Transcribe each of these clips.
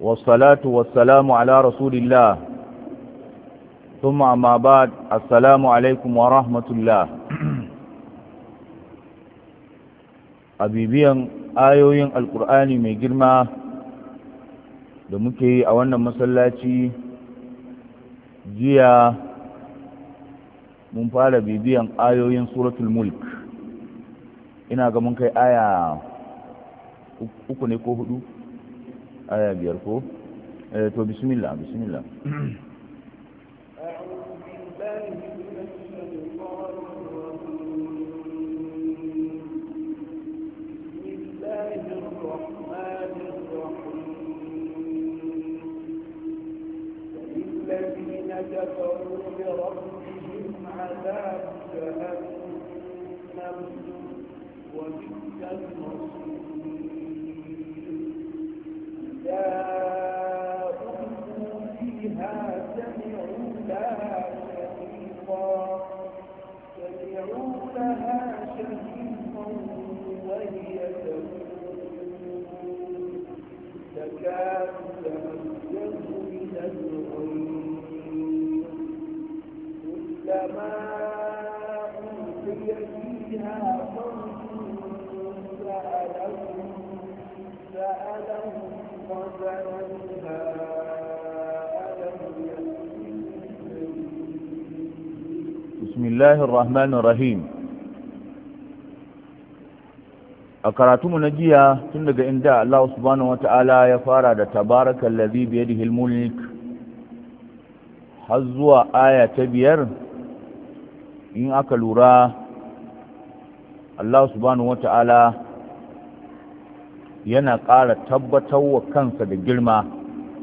والصلاة والسلام على رسول الله ثم أما بعد السلام عليكم ورحمة الله أبيبيا آيوين القرآن ميجرما دمكي أولنا مسلاتي جيا mun fara bibiyan ayoyin suratul mulk ina ga mun kai aya uku ne ko hudu aya biyar ko eh, to bismillah bismillah الرحمن الرحيم أكراتم نجيا تندق إن داء الله سبحانه وتعالى يفارد تبارك الذي بيده الملك حزوى آية تبير إن أكل را الله سبحانه وتعالى yana ƙara tabbatar wa kansa da girma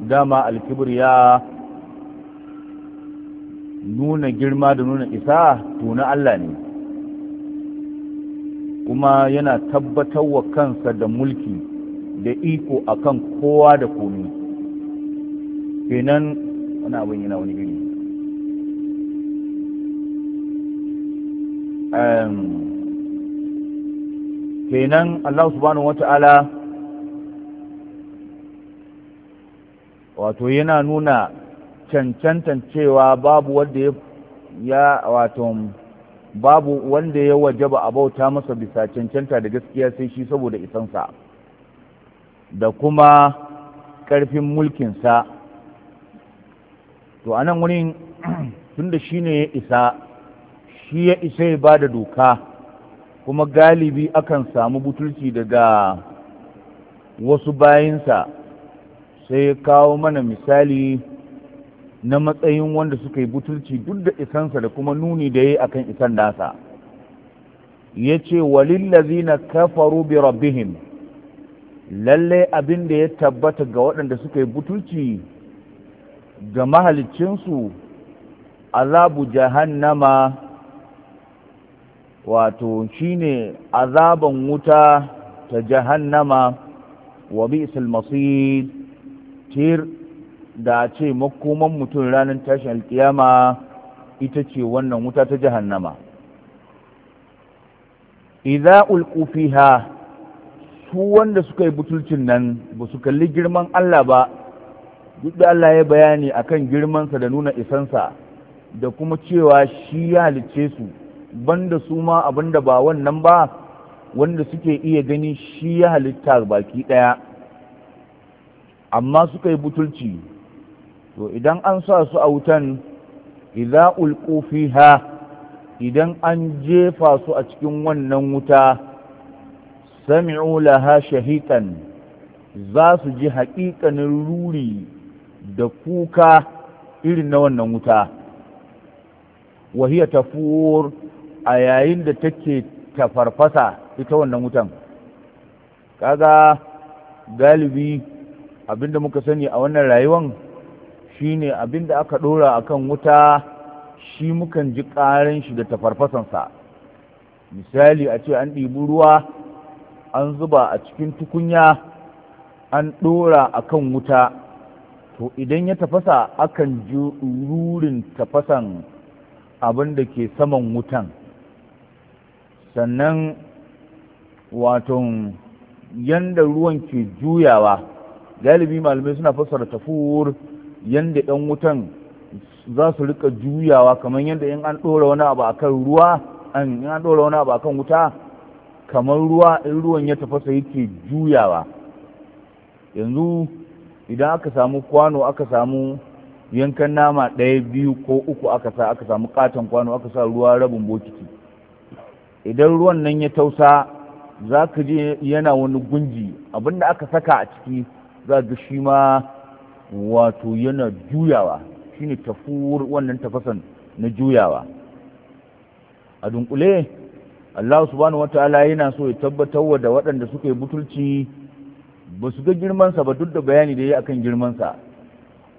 dama alkibriya nuna girma da nuna isa to na Allah ne kuma yana tabbatar wa kansa da mulki da iko akan kowa da komi kenan wani abin yana wani iri kenan Allah subhanahu wata'ala wato yana nuna cancantan cewa babu wanda ya wato babu wanda ya wajaba a bauta masa bisa cancanta da gaskiya sai shi saboda isansa da kuma ƙarfin mulkinsa to anan nan wurin tunda shi ne ya isa shi ya isa ya ba doka kuma galibi akan samu butulci daga wasu bayinsa sai ya kawo mana misali na matsayin wanda suka yi butulci duk da isansa da kuma nuni da yayi akan isan nasa ya walillazi na kafaru bi rabbihim lalle abin da ya tabbata ga waɗanda suka yi butulci ga mahalicinsu azabu jahannama wato shine azaban wuta ta jahannama wa isil masir da a ce makoman mutum ranar tashin alkiyama ita ce wannan wuta ta jahannama idza ulqu fiha su wanda suka yi butulcin nan ba su kalli girman Allah ba duk da Allah ya bayani akan girmansa da nuna isansa da kuma cewa shi ya halicce su banda su ma abinda ba wannan ba wanda suke iya gani shi ya halitta baki ɗaya. amma suka yi butulci to idan an sa su a wutan idza ulqu fiha idan an jefa su a cikin wannan wuta sami'u laha shahitan za su ji haƙiƙan ruri da kuka irin na wannan wuta wahiya tafur a yayin da take tafarfasa ita wannan wutan kaga galibi abinda muka sani a wannan rayuwan ne abin da aka ɗora akan wuta shi mukan ji ƙarin shi da tafarfasansa misali a ce an ɗibi ruwa an zuba a cikin tukunya an ɗora akan wuta to idan ya tafasa akan ji rurin tafasan abin da ke saman wutan sannan waton yanda ruwan ke juyawa galibi malamai suna fassara tafur yadda ɗan wutan za su rika juyawa kamar yadda in an ɗora wani abu kan ruwa in an ɗora wani abu a kan wuta kamar ruwa in ruwan ya tafasa yake juyawa yanzu idan aka samu kwano aka samu yankan nama ɗaya biyu ko uku aka sa aka samu katon kwano aka sa ruwa rabin bokiti idan ruwan nan ya tausa za ka je yana wani gunji abinda aka saka a ciki za ga shi ma wato yana juyawa shi ne tafuwar wannan tafasan na juyawa a dunkule Allah subhanahu ta'ala yana so ya tabbatar wa da waɗanda suka yi butulci ba su ga girmansa ba duk da bayani da ya yi akan girmansa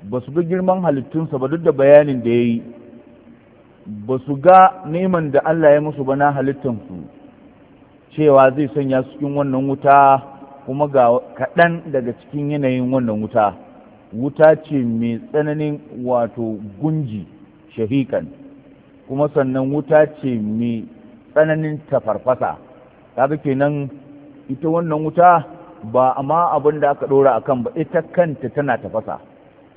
ba su ga girman halittunsa ba duk da bayanin da ya yi ba su ga neman da Allah ya musu ba na halittansu cewa zai sanya su cikin wannan wuta kuma ga kaɗan daga cikin yanayin wannan wuta wuta ce mai tsananin wato gunji shahikan kuma sannan wuta ce mai tsananin tafarfasa kaga kenan ita wannan wuta ba amma abin da aka ɗora akan ba ita kanta tana tafasa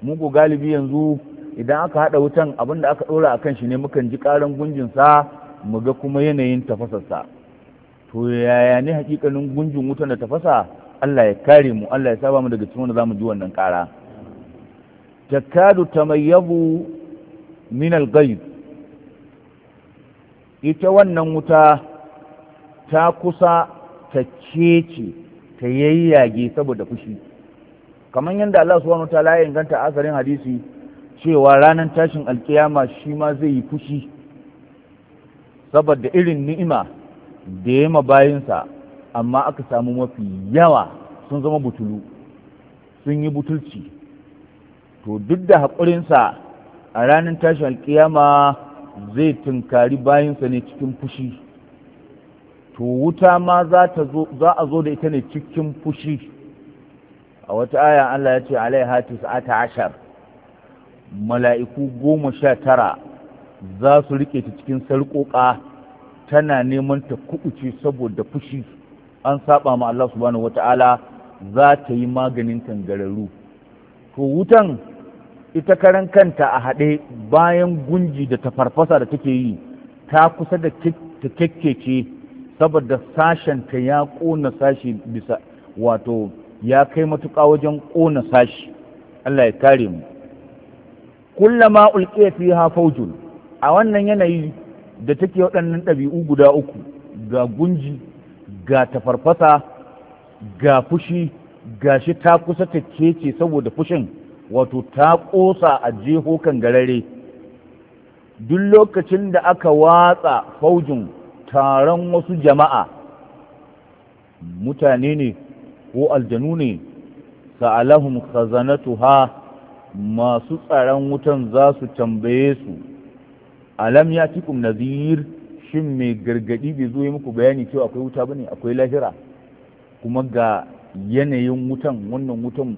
mugu galibi yanzu idan aka haɗa wutan abin da aka ɗora akan shi ne mukan ji ƙaran gunjinsa mu ga kuma yanayin tafasarsa to yaya ne hakikanin gunjin wutan da tafasa Allah ya kare mu Allah ya saba mu daga cikin wanda za mu ji wannan ƙara takadu tamayyabu min al-ghayb ita wannan wuta ta kusa ta cece ta yayyage saboda fushi kamar yadda Allah subhanahu wataala ya inganta asarin hadisi cewa ranar tashin alkiyama shi ma zai yi fushi saboda irin ni'ima da ya ma bayinsa amma aka samu mafi yawa sun zama butulu sun yi butulci to duk da haƙurinsa a ranar tashin alƙiyama zai tunkari bayansa ne cikin fushi to wuta ma za a zo da ita ne cikin fushi a wata aya Allah ya ce alaiha tis'ata ashar mala'iku goma sha tara za su rike ta cikin sarƙoƙa tana neman ta kuɓuce saboda fushi an saba ma Allah subhanahu wata'ala za ta yi maganin kangararru to wutan ita karan kanta a haɗe bayan gunji da tafarfasa da take yi ta kusa da ta kekkece saboda sashenta ya ƙona sashi bisa wato ya kai matuƙa wajen ƙona sashi Allah ya kare mu kullama ulqiya fiha fawjun a wannan yanayi da take waɗannan ɗabi'u guda uku ga gunji ga farfasa ga fushi gashi ta kusa ta kece saboda fushin wato ta ƙosa a jeho kan garare duk lokacin da aka watsa faujin taron wasu jama'a mutane ne ko aljanu ne sa'alahum khazanatuha masu tsaron wutan za su tambaye su alam ya tikum nazir shin mai gargadi bai zo yi muku bayani cewa akwai wuta bane akwai lahira kuma ga yanayin wutan wannan wutan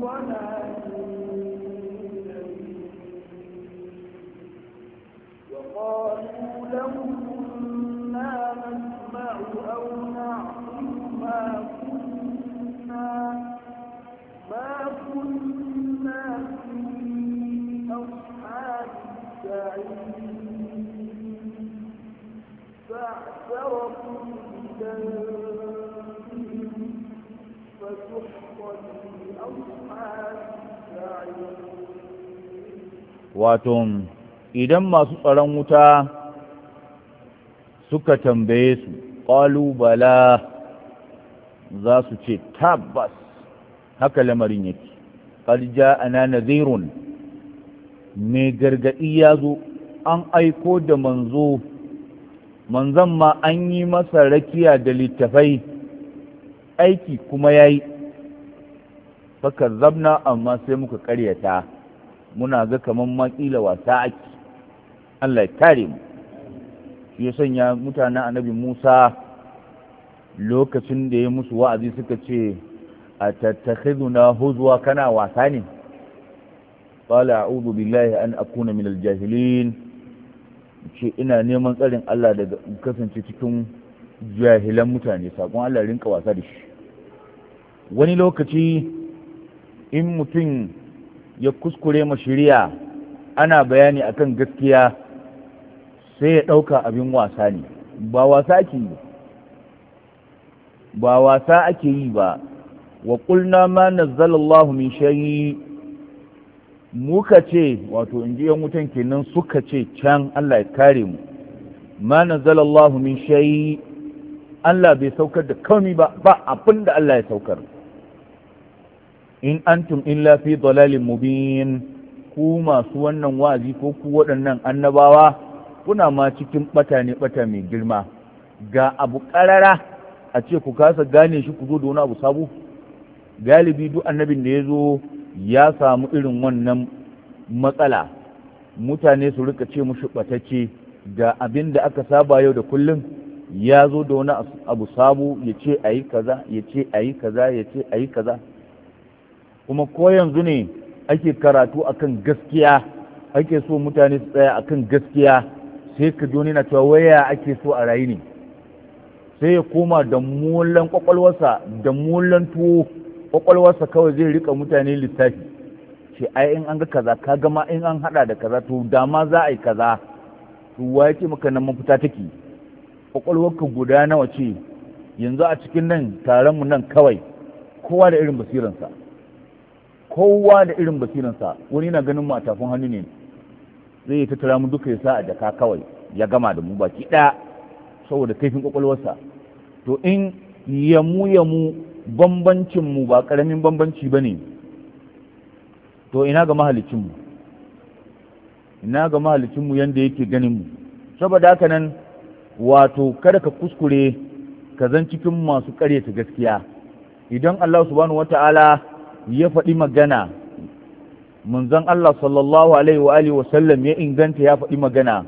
ولا وقالوا لو كنا نسمع أو نعقل ما كنا ما كنا في أصحاب السعيد فاعترفوا بذنبهم wato idan masu tsaron wuta suka tambaye su ƙalubala za su ce tabbas haka lamarin yake ƙarja ana nazirun mai gargaɗi ya zo an aiko da manzo manzan ma an yi masa rakiya da littafai aiki kuma ya yi zabna amma sai muka karyata muna ga kamar makila wasa ake Allah ya kare mu shi ya sanya mutanen annabi Musa lokacin da ya musu wa'azi suka ce a na huzwa kana wasa ne qala a'udhu billahi an akuna minal jahilin ce ina neman tsarin Allah daga kasance cikin jahilan mutane sakon Allah rinka wasa da shi wani lokaci in mutum ya kuskure ma shirya ana bayani akan gaskiya sai ya ɗauka abin wasa ne ba wasa ake yi ba wasa ake yi ba wa ƙulna ma nazzalallahu min shayi muka ce wato in ji yan wutan kenan suka ce can Allah ya kare mu ma nazzalallahu min shayi Allah bai saukar da kawai ba ba abin da Allah ya saukar in antum illa fi dalalin mubin ku masu wannan wa'azi ko ku waɗannan annabawa kuna ma cikin bata ne bata mai girma ga abu ƙarara a ce ku kasa gane shi ku zo da wani abu sabu? galibi duk annabin da ya zo ya samu irin wannan matsala mutane su rika ce mushi batacce ga abin da aka saba yau da kullum ya zo da wani abu sabu, ya ce a yi kaza ya ce a yi kaza ya ce a yi kaza kuma ko yanzu ne ake karatu akan gaskiya ake so mutane su tsaya akan gaskiya sai ka ji na cewa waya ake so a rayu ne sai ya koma da mulan kwakwalwarsa da mulan tuwo kwakwalwarsa kawai zai rika mutane littafi. ce ai in an ga kaza ka gama in an hada da kaza to dama za a yi kaza to wa yake maka nan mafita take kwakwalwarka guda nawa ce yanzu a cikin nan taron mu nan kawai kowa da irin basiransa kowa da irin basiransa wani yana ganin mu a tafin hannu ne zai yi tattara mu duka ya sa a jaka kawai ya gama da mu baki ɗaya saboda kaifin kwakwalwarsa to in yamu yamu bambancin mu ba ƙaramin bambanci ba ne to ina ga mahalicinmu ina ga mahalicinmu yadda yake ganin mu saboda haka nan wato kada ka kuskure ka zan cikin masu ƙaryata gaskiya idan Allah subhanahu wata'ala ya faɗi magana munzan Allah sallallahu alaihi wa alihi wasallam ya inganta ya faɗi magana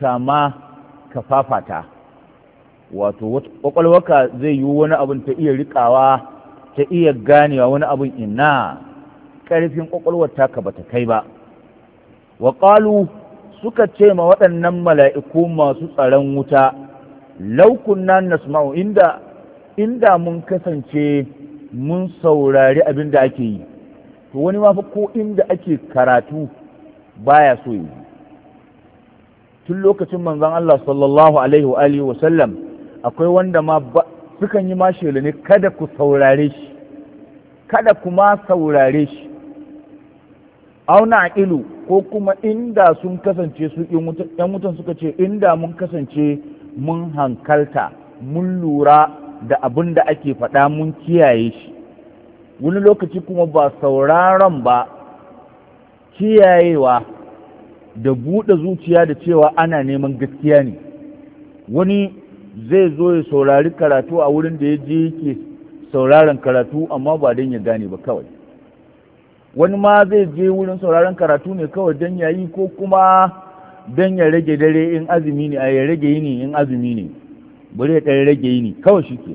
kama kafafata. fafata wato kwakwalwaka zai yi wani abin ta iya riƙawa ta iya ganewa wani abin ina ƙarfin kwakwalwar taka bata kai ba wa suka ce ma waɗannan mala'iku masu tsaron wuta laukun nan nasma'u inda inda mun kasance mun saurari abin da ake yi to wani ma fa ko inda ake karatu baya so yi tun lokacin manzon Allah sallallahu alaihi wa alihi wa sallam akwai wanda ma sukan yi ma shela ne kada ku saurare shi kada ku ma saurare shi auna ilu ko kuma inda sun kasance su yan wutan suka ce inda mun kasance mun hankalta mun lura da abin da ake faɗa mun kiyaye shi wani lokaci kuma ba sauraron ba kiyayewa da buɗe zuciya da cewa ana neman gaskiya ne wani zai zo ya saurari karatu a wurin da ya je yake sauraron karatu amma ba don ya gane ba kawai wani ma zai je wurin sauraron karatu ne kawai don ya yi ko kuma don ya rage dare in azumi ne a ya rage yini in azumi ne bari ya ɗan rage yi ne kawai shi ke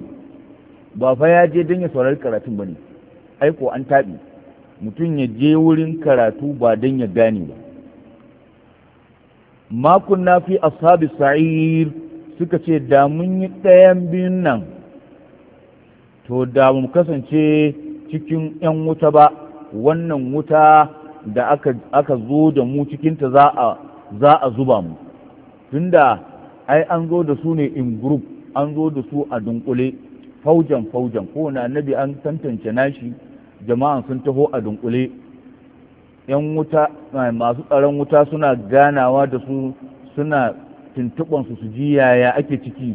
ba fa ya je don ya saurari karatun ba ne aiko an taɓi mutum ya je wurin karatu ba don ya gane ba makon na fi ashabi sa'ir suka ce da mun yi ɗayan biyun nan to da mu kasance cikin 'yan wuta ba wannan wuta da aka, zo da mu cikinta za a zuba mu tunda ai an zo da su ne in group an zo da su a dunkule faujan faujan na annabi an tantance nashi jama'an sun taho a dunkule yan wuta masu tsaron wuta suna ganawa da su suna tuntuɓansu su ji yaya ake ciki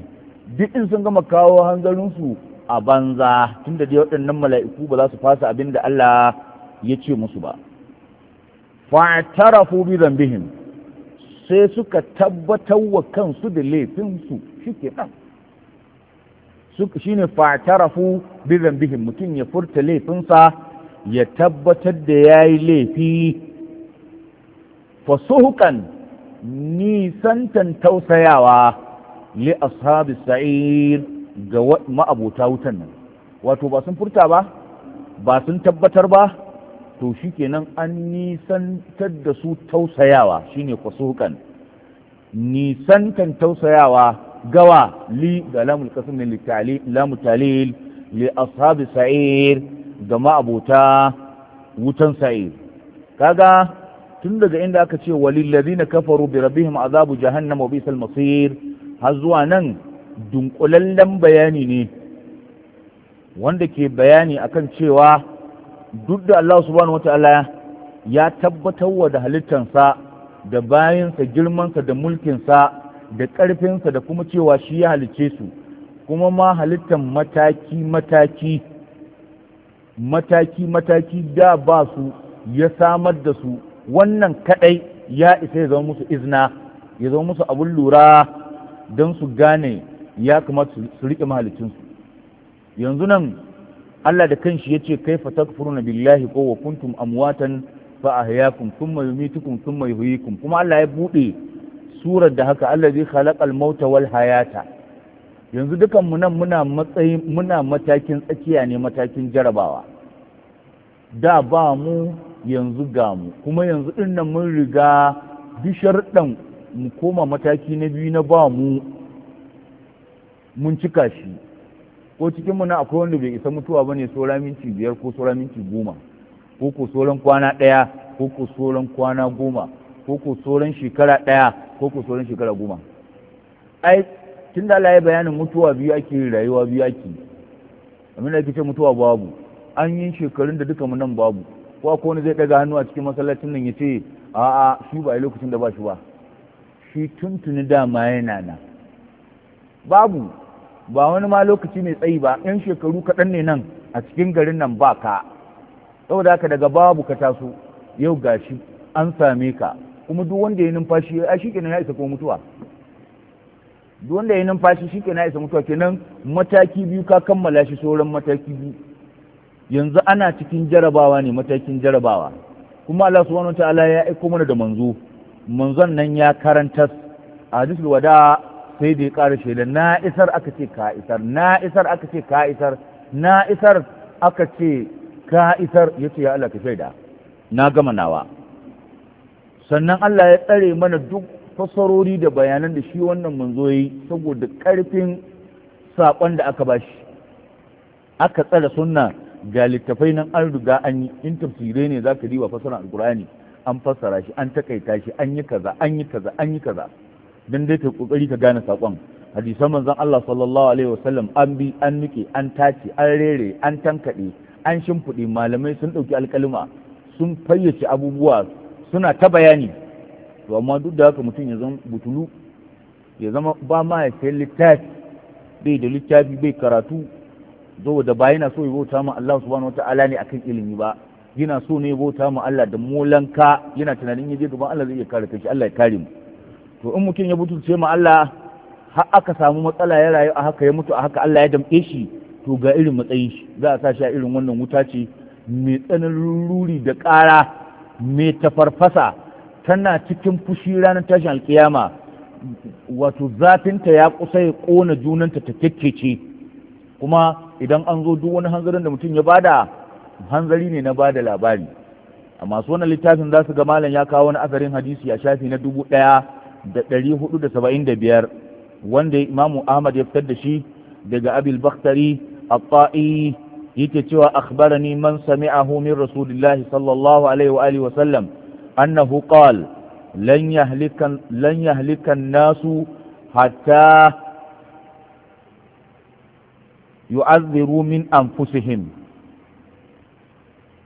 duk in sun gama kawo hanzarinsu a banza tunda dai waɗannan mala'iku ba za su fasa abin da Allah ya ce musu ba fa'tarafu bi dhanbihim sai suka tabbatar wa kansu da laifinsu shi ke nan shi ne fatarafu bizan bihin mutum ya furta laifinsa ya tabbatar da ya yi laifi fasuhukan nisantan tausayawa li ashabi sa'ir ga ma'abota wutan nan wato ba sun furta ba ba sun tabbatar ba to kenan an nisantar da su tausayawa shine kusukan nisantan tausayawa gawa li da lamul qasmi lamu talil li ashabi sa'ir da ma'abuta wutan sa'ir kaga tun daga inda aka ce walil na kafaru bi rabbihim azabu jahannama wa bisal masir har zuwa nan dunkulallen bayani ne wanda ke bayani akan cewa duk da Allah subhanahu wata'ala ya tabbatar wa da halittansa da bayansa girmansa da mulkinsa da ƙarfinsa da kuma cewa shi ya halicce su kuma ma halittan mataki-mataki mataki-mataki da ba su ya samar da su wannan kaɗai ya isa ya zama musu izna ya zama musu abun lura don su gane ya kamata su riƙe mahalicinsu yanzu nan Allah da kanshi yace fa takfuruna billahi ko wa kuntum amwatan fa ahyaakum thumma yumitukum thumma yuhyikum kuma Allah ya bude surar da haka Allah zai khalaqal mauta wal hayata yanzu dukan mu nan muna matsayi muna matakin tsakiya ne matakin jarabawa da ba mu yanzu ga mu kuma yanzu din nan mun riga bishar dan mu koma mataki na biyu na ba mu mun cika shi ko cikin mu na akwai wanda bai isa mutuwa bane saura minti biyar ko saura minti goma ko ko sauran kwana ɗaya ko ko sauran kwana goma ko ko sauran shekara ɗaya ko ko sauran shekara goma ai tun da Allah ya bayanin mutuwa biyu ake rayuwa biyu ake amma da ake ce mutuwa babu an yi shekarun da duka mu nan babu ko akwai wani zai daga hannu a cikin masallacin nan ya ce a'a shi ba a lokacin da ba shi ba shi tuntuni dama yana nan babu ba wani ma lokaci mai tsayi ba yan shekaru kaɗan ne nan a cikin garin nan ba ka saboda haka daga babu ka taso yau gashi an same ka kuma duk wanda ya numfashi a shi kenan ya isa ko mutuwa duk wanda ya numfashi shi kenan ya isa mutuwa kenan mataki biyu ka kammala shi sauran mataki biyu yanzu ana cikin jarabawa ne matakin jarabawa kuma Allah subhanahu wataala ya aiko mana da manzo manzon nan ya karantar a hadisul wada sai da ya ƙara shaida, na isar aka ce ka isar na isar aka ce ka isar na isar aka ce ka ya ce ya Allah ka shaida na gama nawa sannan Allah ya tsare mana duk fassarori da bayanan da shi wannan manzo yi saboda ƙarfin saƙon da aka bashi aka tsare sunna ga littafai nan an riga an yi in tafsirai ne za ka diba fassara alkur'ani an fassara shi an takaita shi an yi kaza an yi kaza an yi kaza dan dai ka kokari ka gane sakon hadisan manzon Allah sallallahu alaihi wasallam an bi an nike an tace an rere an tankade an shimfiɗe malamai sun ɗauki alƙaluma sun fayyace abubuwa suna ta bayani to amma duk da haka mutum ya zama butulu ya zama ba ma ya sayi littafi bai da littafi bai karatu zo da ba yana so ya bauta ma Allah subhanahu wataala ne akan ilimi ba yana so ne ya bauta ma Allah da molanka yana tunanin ya je gaban Allah zai iya kare kai Allah ya kare mu to in mutum ya mutu ce ma Allah har aka samu matsala ya rayu a haka ya mutu a haka Allah ya damƙe shi to ga irin matsayin shi za a sa shi a irin wannan wuta ce mai tsananin ruri da ƙara mai tafarfasa tana cikin fushi ranar tashin alƙiyama. wato zafinta ya kusa ya ƙona junanta ta kekkece kuma idan an zo duk wani hanzarin da mutum ya bada hanzari ne na bada labari a masu wannan littafin za su ga malam ya kawo wani azarin hadisi a shafi na dubu ɗaya da ɗari hudu da saba'in da biyar wanda imamu ahmad ya fitar da shi daga abil bakhtari at-ta'i yake cewa akhbarani man sami'ahu min rasulillahi sallallahu alaihi wa alihi wa sallam annahu qala lan yahlika lan nasu hatta yu'adhdhiru min anfusihim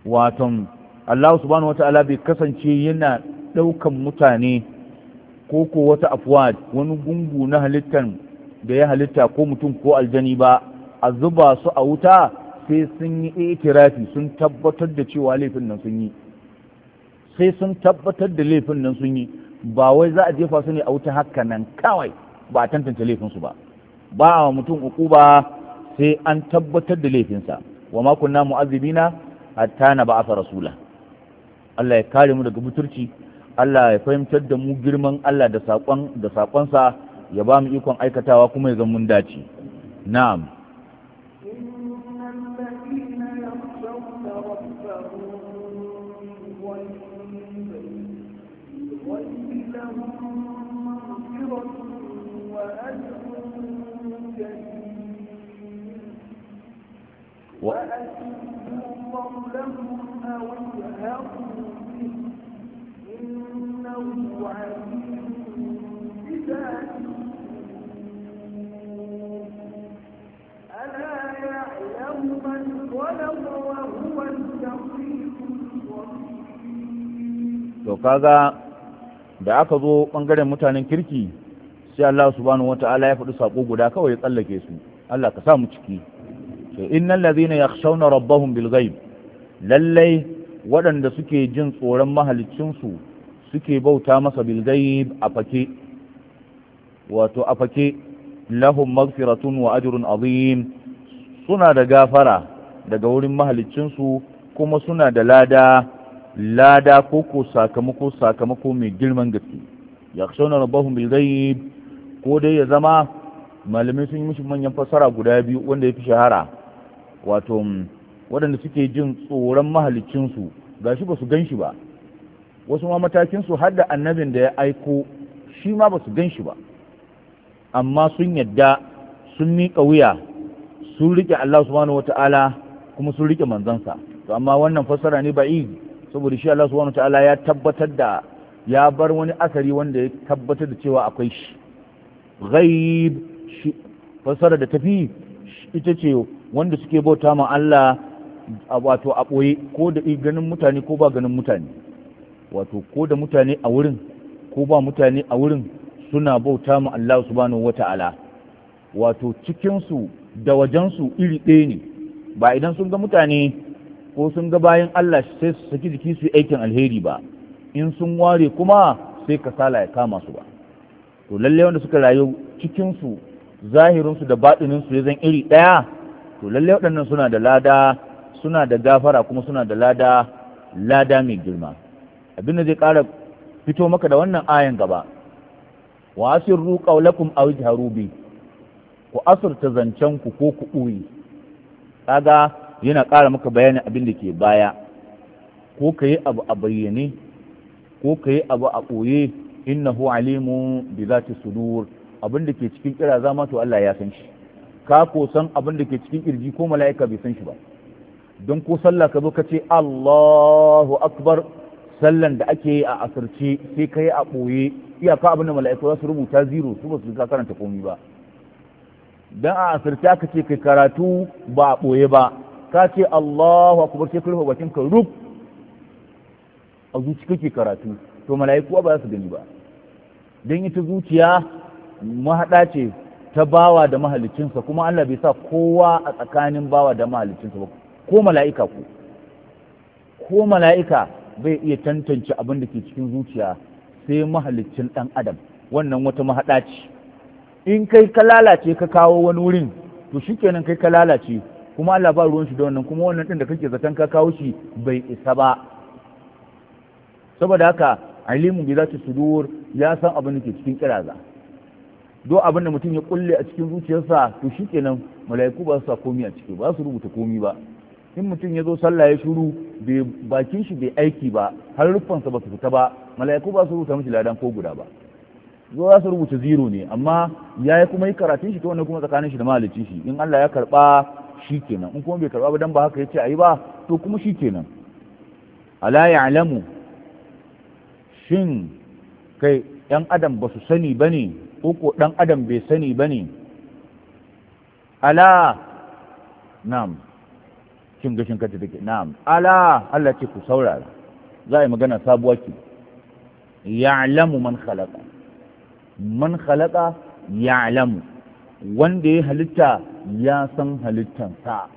waton Allah subhanahu wa ta'ala bai kasance yana ɗaukan mutane ko ko wata afwad wani gungu na halittan da ya halitta ko mutum ko aljani ba a zuba su a wuta sai sun yi itirafi sun tabbatar da cewa laifin nan sun yi sai sun tabbatar da laifin nan sun yi ba wai za a jefa su ne a wuta haka nan kawai ba a tantance laifinsu ba ba a mutum uku ba sai an tabbatar da laifinsa wa ma kunna mu'azzibina hatta na ba'a rasula Allah ya kare mu daga buturci Allah ya fahimtar da mu girman Allah da saƙon da saƙonsa ya ba mu ikon aikatawa kuma ya zama mun dace na'am وأتموا قولهم أو اجهروا به to kaga da aka zo ɓangaren mutanen kirki sai Allah subhanahu wata'ala ya faɗi saƙo guda kawai ya tsallake su Allah ka sa mu ciki to innal ladhina yakhshawna rabbahum bil ghaib lallai waɗanda suke jin tsoron mahaliccinsu suke bauta masa bil ghaib a fake wato a fake lahum magfiratun wa ajrun azim suna da gafara daga wurin mahaliccinsu kuma suna da lada lada koko sakamako sakamako mai girman gaske yakhshawna rabbahum bil ghaib ko dai ya zama malamai sun yi mishi manyan fasara guda biyu wanda ya fi shahara wato waɗanda suke jin tsoron mahalicinsu gashi ba su gan shi ba wasu ma matakinsu su har da annabin da ya aiko shi ma ba su gan shi ba amma sun yadda sun miƙa wuya sun riƙe Allah subhanahu wata'ala kuma sun riƙe manzansa to amma wannan fassara ne ba izi saboda shi Allah subhanahu wata'ala ya tabbatar da ya bar wani asari wanda ya tabbatar da cewa akwai shi ghaib shi fassara da tafi ita ce wanda suke bauta ma Allah wato a ɓoye ko da ganin mutane ko ba ganin mutane wato ko da mutane a wurin ko ba mutane a wurin suna bauta ma Allah subhanahu wata'ala wato cikinsu da wajensu iri ɗaya ne ba idan sun ga mutane ko sun ga bayan Allah sai su saki jiki su aikin alheri ba in sun ware kuma sai kasala ya kama su ba to lalle wanda suka rayu cikinsu zahirinsu da baɗininsu ya zan iri ɗaya to lalle waɗannan suna da lada suna da gafara kuma suna da lada lada mai girma abin da zai ƙara fito maka da wannan ayan gaba wa asirru qawlakum aw jaharu bi ku asirta zancen ku ko ku ɓoye kaga yana ƙara maka bayani abin da ke baya ko ka yi abu a bayyane ko ka yi abu a ɓoye innahu alimu bi zati sudur abin da ke cikin kira zama to Allah ya san shi ka ko san abin da ke cikin kirji ko mala'ika bai san shi ba don ko sallah ka zo ka ce Allahu akbar sallan da ake yi a asirce sai kai a ɓoye iyaka abin da mala'iku za su rubuta zero su ba su ka karanta komai ba dan a asirce aka ce kai karatu ba a ɓoye ba ka ce Allahu akbar sai kai bakin ka rub a zuci kake karatu to mala'iku ba za su gani ba dan ita zuciya mahaɗa ce ta bawa da mahalicinsa kuma Allah bai sa kowa a tsakanin bawa da mahalicinsa ba ko mala'ika ko ko mala'ika bai iya tantance abin da ke cikin zuciya sai mahalicin ɗan adam wannan wata mahaɗa in kai ka lalace ka kawo wani wurin to shi kenan kai ka lalace kuma Allah ba ruwan shi da wannan kuma wannan ɗin da kake zaton ka kawo shi bai isa ba saboda haka alimu za zati sudur ya san abin da ke cikin kiraza do abin da mutum ya kulle a cikin zuciyarsa to shi kenan mala'iku ba su sa komi a ciki ba su rubuta komi ba in mutum ya zo sallah ya shuru bai bakin shi bai aiki ba har rufansa ba su fita ba mala'iku ba su rubuta mishi ladan ko guda ba zo za su rubuta zero ne amma ya yi kuma yi karatun shi ta wannan kuma tsakanin shi da mahalicci shi in Allah ya karba shi kenan in kuma bai karba ba dan ba haka yace ayi ba to kuma shi kenan ala ya'lamu shin kai yan adam ba su sani bane ko ko dan adam bai sani bane ala na'am cin gashin kanta take na'am ala Allah ce ku saurara za a yi magana sabuwa ke ya'lamu man khalaqa man khalaqa ya'lamu wanda ya halitta ya san halittansa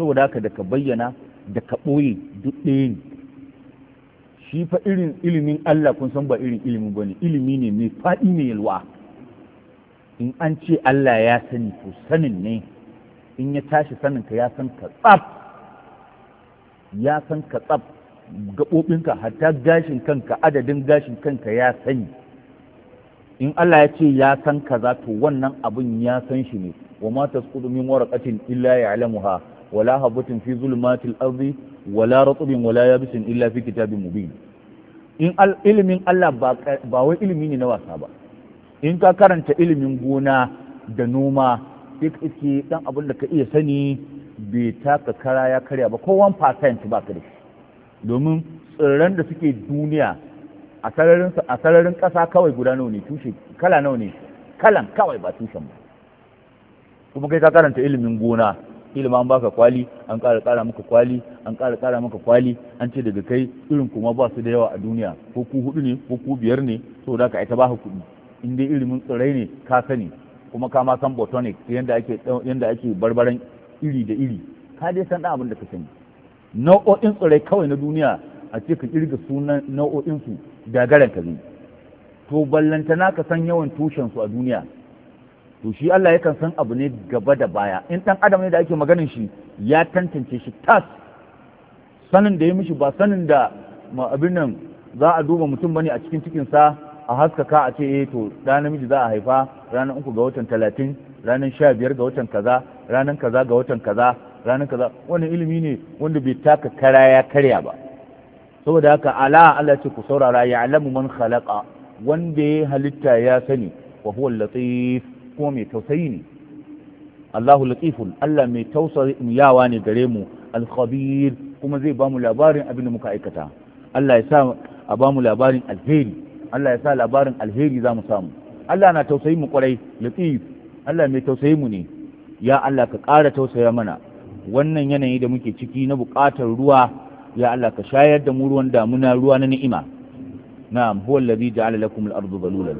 saboda ka da ka bayyana da ka ɓoye duk ɗaya ne shi fa irin ilimin Allah kun san ba irin ilimin ba ne ilimi ne mai faɗi mai yalwa in an ce Allah ya sani to sanin ne in ya tashi saninka ya san ka tsaf ya san ka tsaf gaɓoɓinka hatta gashin kanka adadin gashin kanka ya sani in Allah ya ce ya san kaza to wannan abin ya san shi ne wa ma tasqudu min waraqatin illa ya'lamuha wala habatin fi zulumatil ardi wala ratbin wala yabisin illa fi kitabin mubin in ilimin Allah ba wai ilimi ne na wasa ba in ka karanta ilimin gona da noma sai ka iske dan abin da ka iya sani bai taka kara ya karya ba ko 1% ba ka da shi domin tsirran da suke duniya a sararin a sararin kasa kawai guda nawa ne tushe kala nawa ne kalan kawai ba tushen ba kuma kai ka karanta ilimin gona ilimin an baka kwali an ƙara ƙara maka kwali an ƙara ƙara maka kwali an ce daga kai irin kuma ba su da yawa a duniya ko ku hudu ne ko ku biyar ne saboda ka ita baka kuɗi in dai ilimin tsirrai ne ka sani kuma ka ma san botanic yadda ake yanda ake barbaran iri da iri ka dai san abin da ka sani nau'o'in tsirai kawai na duniya a ce ka kirga sunan nau'o'in su gagaran ka zai to ballantana ka san yawan tushen su a duniya to shi Allah yakan san abu ne gaba da baya in dan adam ne da ake maganin shi ya tantance shi tas sanin da ya mishi ba sanin da abin nan za a duba mutum bane a cikin cikin sa a haskaka a ce eh to ranar namiji za a haifa ranar uku ga watan talatin ranar sha biyar ga watan kaza ranar kaza ga watan kaza ranar kaza wani ilimi ne wanda bai taka kara ya karya ba saboda haka ala Allah ce ku saurara ya alamu man khalaqa wanda ya halitta ya sani wa huwa latif kuma mai tausayi ne Allahu latifun Allah mai tausayawa ne gare mu al-khabir kuma zai ba mu labarin abin da muka aikata Allah ya sa a ba mu labarin alheri Allah ya sa labarin alheri za mu samu Allah na tausayi mu kwarai latif Allah mai tausayi mu ne ya Allah ka ƙara tausaya mana wannan yanayi da muke ciki na buƙatar ruwa ya Allah ka shayar da mu ruwan damuna ruwa na ni'ima na'am huwa allazi ja'ala lakum al dhalulan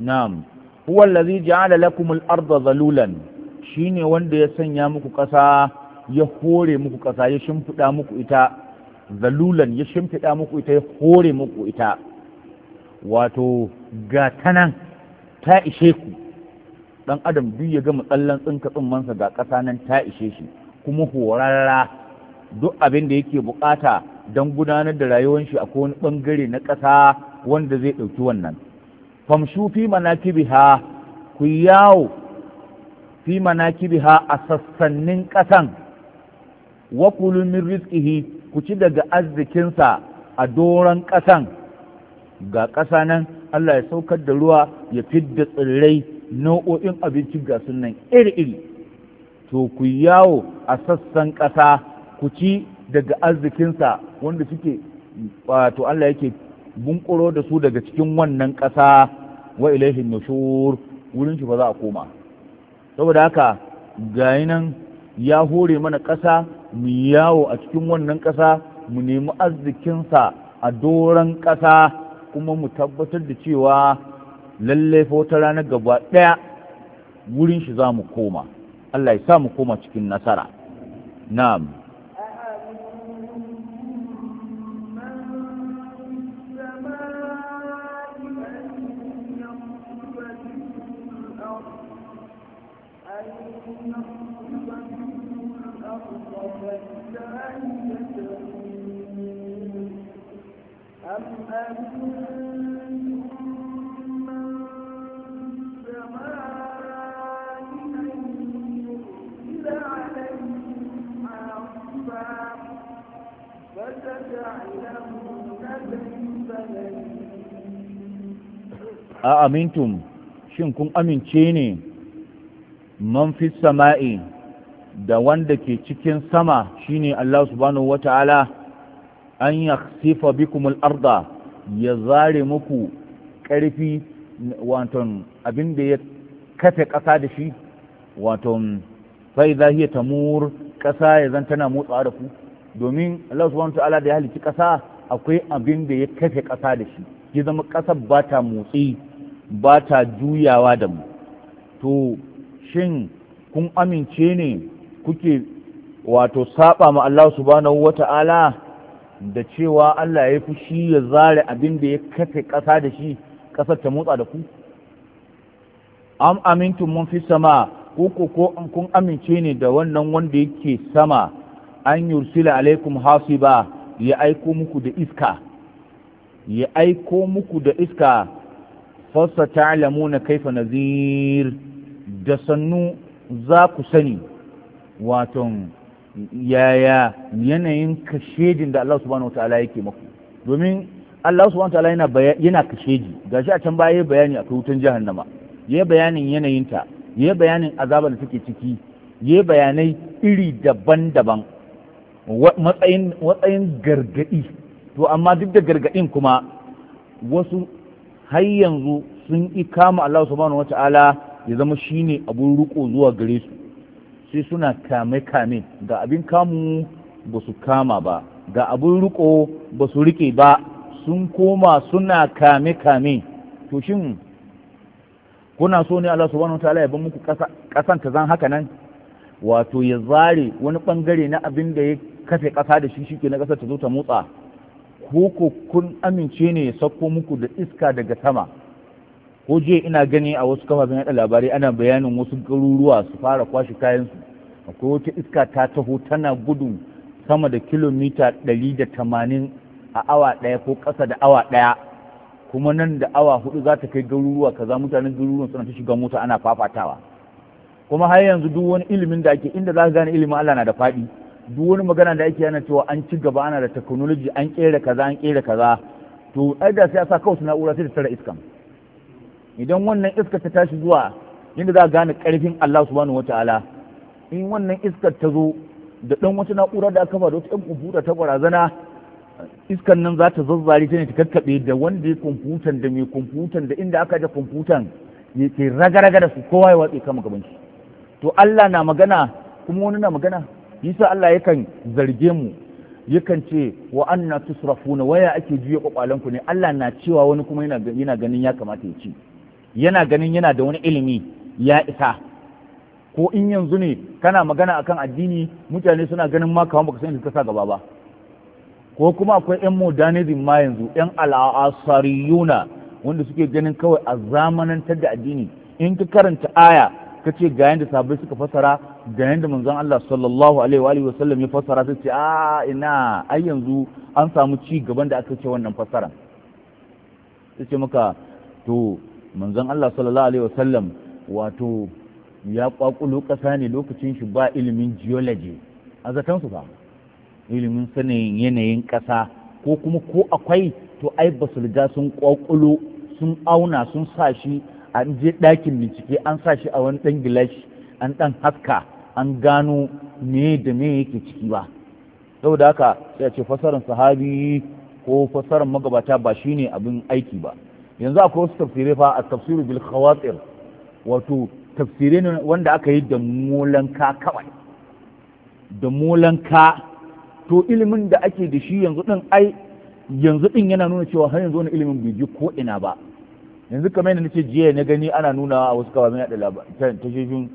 na'am da allazi ji ala lakumul ardha zalulan ne wanda ya sanya muku ƙasa ya hore muku ƙasa ya shimfiɗa muku ita zalulan ya shimfiɗa muku ita ya hore muku ita wato ga tanan ta ishe ku ɗan adam duk ya gama tsallan tsinka tsummansa ga ƙasa nan ta ishe shi kuma horarra duk abin da yake bukata don gudanar da rayuwar shi a kowane ɓangare na ƙasa wanda zai ɗauki wannan famshu fi manakibiha ku yawo fi manakibiha a sassannin ƙasan wa kulu min rizqihi ku ci daga arzikinsa a doron ƙasan ga ƙasa nan Allah ya saukar da ruwa ya fidda tsirrai nau'o'in abinci ga sunan iri-iri to ku yawo a sassan ƙasa ku ci daga arzikinsa wanda suke wato Allah yake bunkuro da su daga cikin wannan ƙasa wa ilaihin nushur wurin shi ba za a koma saboda haka gayi nan ya hore mana ƙasa mu yawo a cikin wannan ƙasa mu nemi arzikinsa a doron ƙasa kuma mu tabbatar da cewa lallai wata rana gaba ɗaya wurin shi za mu koma Allah ya sa mu koma cikin nasara na'am a amintum shin kun amince ne man fi sama'i da wanda ke cikin sama shine Allah subhanahu wata'ala an yakhsifa bikum al-arda ya zare muku ƙarfi waton abin da ya kafe ƙasa da shi waton fai za hiya tamur ƙasa ya zan tana motsawa da ku domin Allah subhanahu ta'ala da ya halicci ƙasa akwai abin da ya kafe ƙasa da shi ya zama ƙasar ba ta motsi ba ta juyawa da mu to shin kun amince ne kuke wato saba ma Allah subhanahu wata'ala da cewa Allah ya shi ya zare abin da ya kafe ƙasa da shi ƙasar ta motsa da ku am amintum mun fi sama ko ko kun amince ne da wannan wanda yake sama an yursila alaikum hasiba ya aiko muku da iska ya aiko muku da iska fasa na kaifa nazir da sannu za ku sani waton yaya yanayin kashedin da Allah subhanahu wataala yake maku domin Allah subhanahu wataala yana yana kashedi shi a can baya bayani a wutan jahannama yayi bayanin yanayinta yayi bayanin azabar da take ciki yi bayanai iri daban-daban matsayin matsayin gargadi to amma duk da gargadin kuma wasu har yanzu sun yi kama Allah subhanahu ta'ala ya zama shi ne abin riko zuwa gare su sai suna kame kame ga abin kamu ba su kama ba ga abin riko ba su rike ba sun koma suna kame kame to shin kuna so ne Allah subhanahu ta'ala ya bar muku kasan ta zan haka nan wato ya zare wani bangare na abin da ya kafe kasa da shi ke na kasar ta zo ta motsa ko kun amince ne ya sauko muku da iska daga sama ko je ina gani a wasu kafafen yada labarai ana bayanin wasu garuruwa su fara kwashe kayansu akwai wata iska ta taho tana gudu sama da kilomita 180 a awa ɗaya ko ƙasa da awa ɗaya kuma nan da awa hudu za ta kai garuruwa kaza mutanen garuruwan suna ta shiga mota ana fafatawa kuma har yanzu duk wani ilimin da ake inda za ka gane ilimin Allah na da faɗi duk wani magana da ake yana cewa an ci gaba ana da technology an kera kaza an kera kaza to ai da sai a sa kawai na'ura sai ta tara iska. idan wannan iska ta tashi zuwa inda za a gane karfin Allah subhanahu wataala in wannan iskar ta zo da dan wata na'ura da aka ba da wata ɗan kumfuta ta barazana iskan nan za ta zazzare ta ne ta kakkaɓe da wanda ya kumfutan da mai kumfutan da inda aka ji kumfutan ya ke raga-raga da su kowa ya watsi kama gabanci to Allah na magana kuma wani na magana yasa Allah yakan zarge mu yakan ce wa anna tusrafuna waya ake juya kwakwalen ku ne Allah na cewa wani kuma yana ganin ya kamata ya ci yana ganin yana da wani ilimi ya isa ko in yanzu ne kana magana akan addini mutane suna ganin ma kawai baka san inda ka sa gaba ba ko kuma akwai yan modernism ma yanzu yan al'asariyuna wanda suke ganin kawai a zamanantar da addini in ka karanta aya ka ce ga yanda sabai suka fasara ga yanda manzon Allah sallallahu alaihi wa sallam ya fasara sai ce a ina ai yanzu an samu ci gaban da aka ce wannan fasara sai ce maka to manzon Allah sallallahu alaihi wa wato ya kwakulo kasa ne lokacin shi ba ilimin geology a zaton su ba ilimin sanin yanayin kasa ko kuma ko akwai to ai basu riga sun kwakulo sun auna sun sa shi an je ɗakin bincike an sa shi a wani ɗan gilashi an ɗan haska an gano me da me yake ciki ba saboda haka sai a ce fasarar sahabi ko fasarar magabata ba shi ne abin aiki ba yanzu akwai wasu tafsirai fa a tafsiru bil khawatir wato tafsirai ne wanda aka yi da molanka kawai da molanka to ilimin da ake da shi yanzu ɗin ai yanzu ɗin yana nuna cewa har yanzu wani ilimin bai je ko ina ba yanzu kamar yadda nake jiya na gani ana nuna a wasu kawai da tashoshin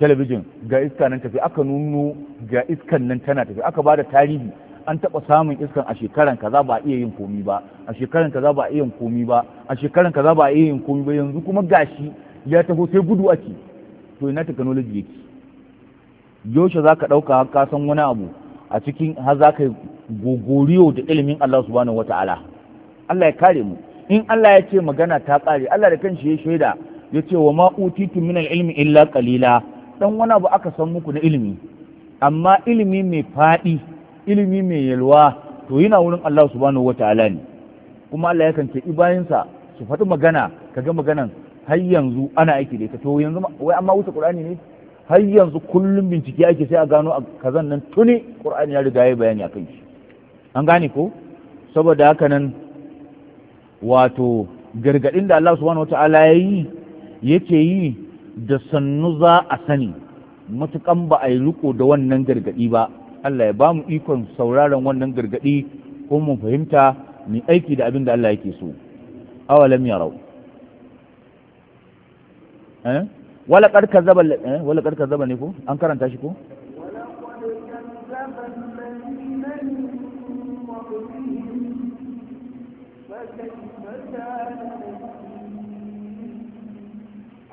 talabijin ga iska nan tafi aka nuno ga iskan nan tana tafi aka ba da tarihi an taɓa samun iskan a shekaran kaza ba a iya yin komi ba a shekaran kaza ba a iya yin komi ba a shekaran kaza ba a iya yin komi ba yanzu kuma gashi ya taho sai gudu ake to ina technology yake yaushe za ka ɗauka ka san wani abu a cikin har za ka gogoriyo da ilimin Allah subhanahu wata'ala Allah ya kare mu in Allah ya ce magana ta ƙare Allah da kanshi ya shaida ya ce wa ma tun min ilmi illa qalila Ɗan wani abu aka san muku na ilimi amma ilimi mai faɗi ilimi mai yalwa to yana wurin Allah subhanahu wataala ne kuma Allah yakan ce ibayinsa su faɗi magana kaga maganan har yanzu ana aiki da ita to yanzu wai amma wuce Qur'ani ne har yanzu kullum bincike ake sai a gano a kazan nan tuni Ƙur'ani ya riga ya bayani akan shi an gane ko saboda haka nan wato gargaɗin da Allah subhanahu ta'ala ya yi yake yi da sannu za a sani matukan ba a yi riko da wannan gargaɗi ba Allah ya ba mu ikon sauraron wannan gargaɗi, ko mu fahimta mu aiki da abin da Allah yake so awalam yarau eh wala karka zaba eh, wala karka zaba ne ko an karanta shi ko كيف كان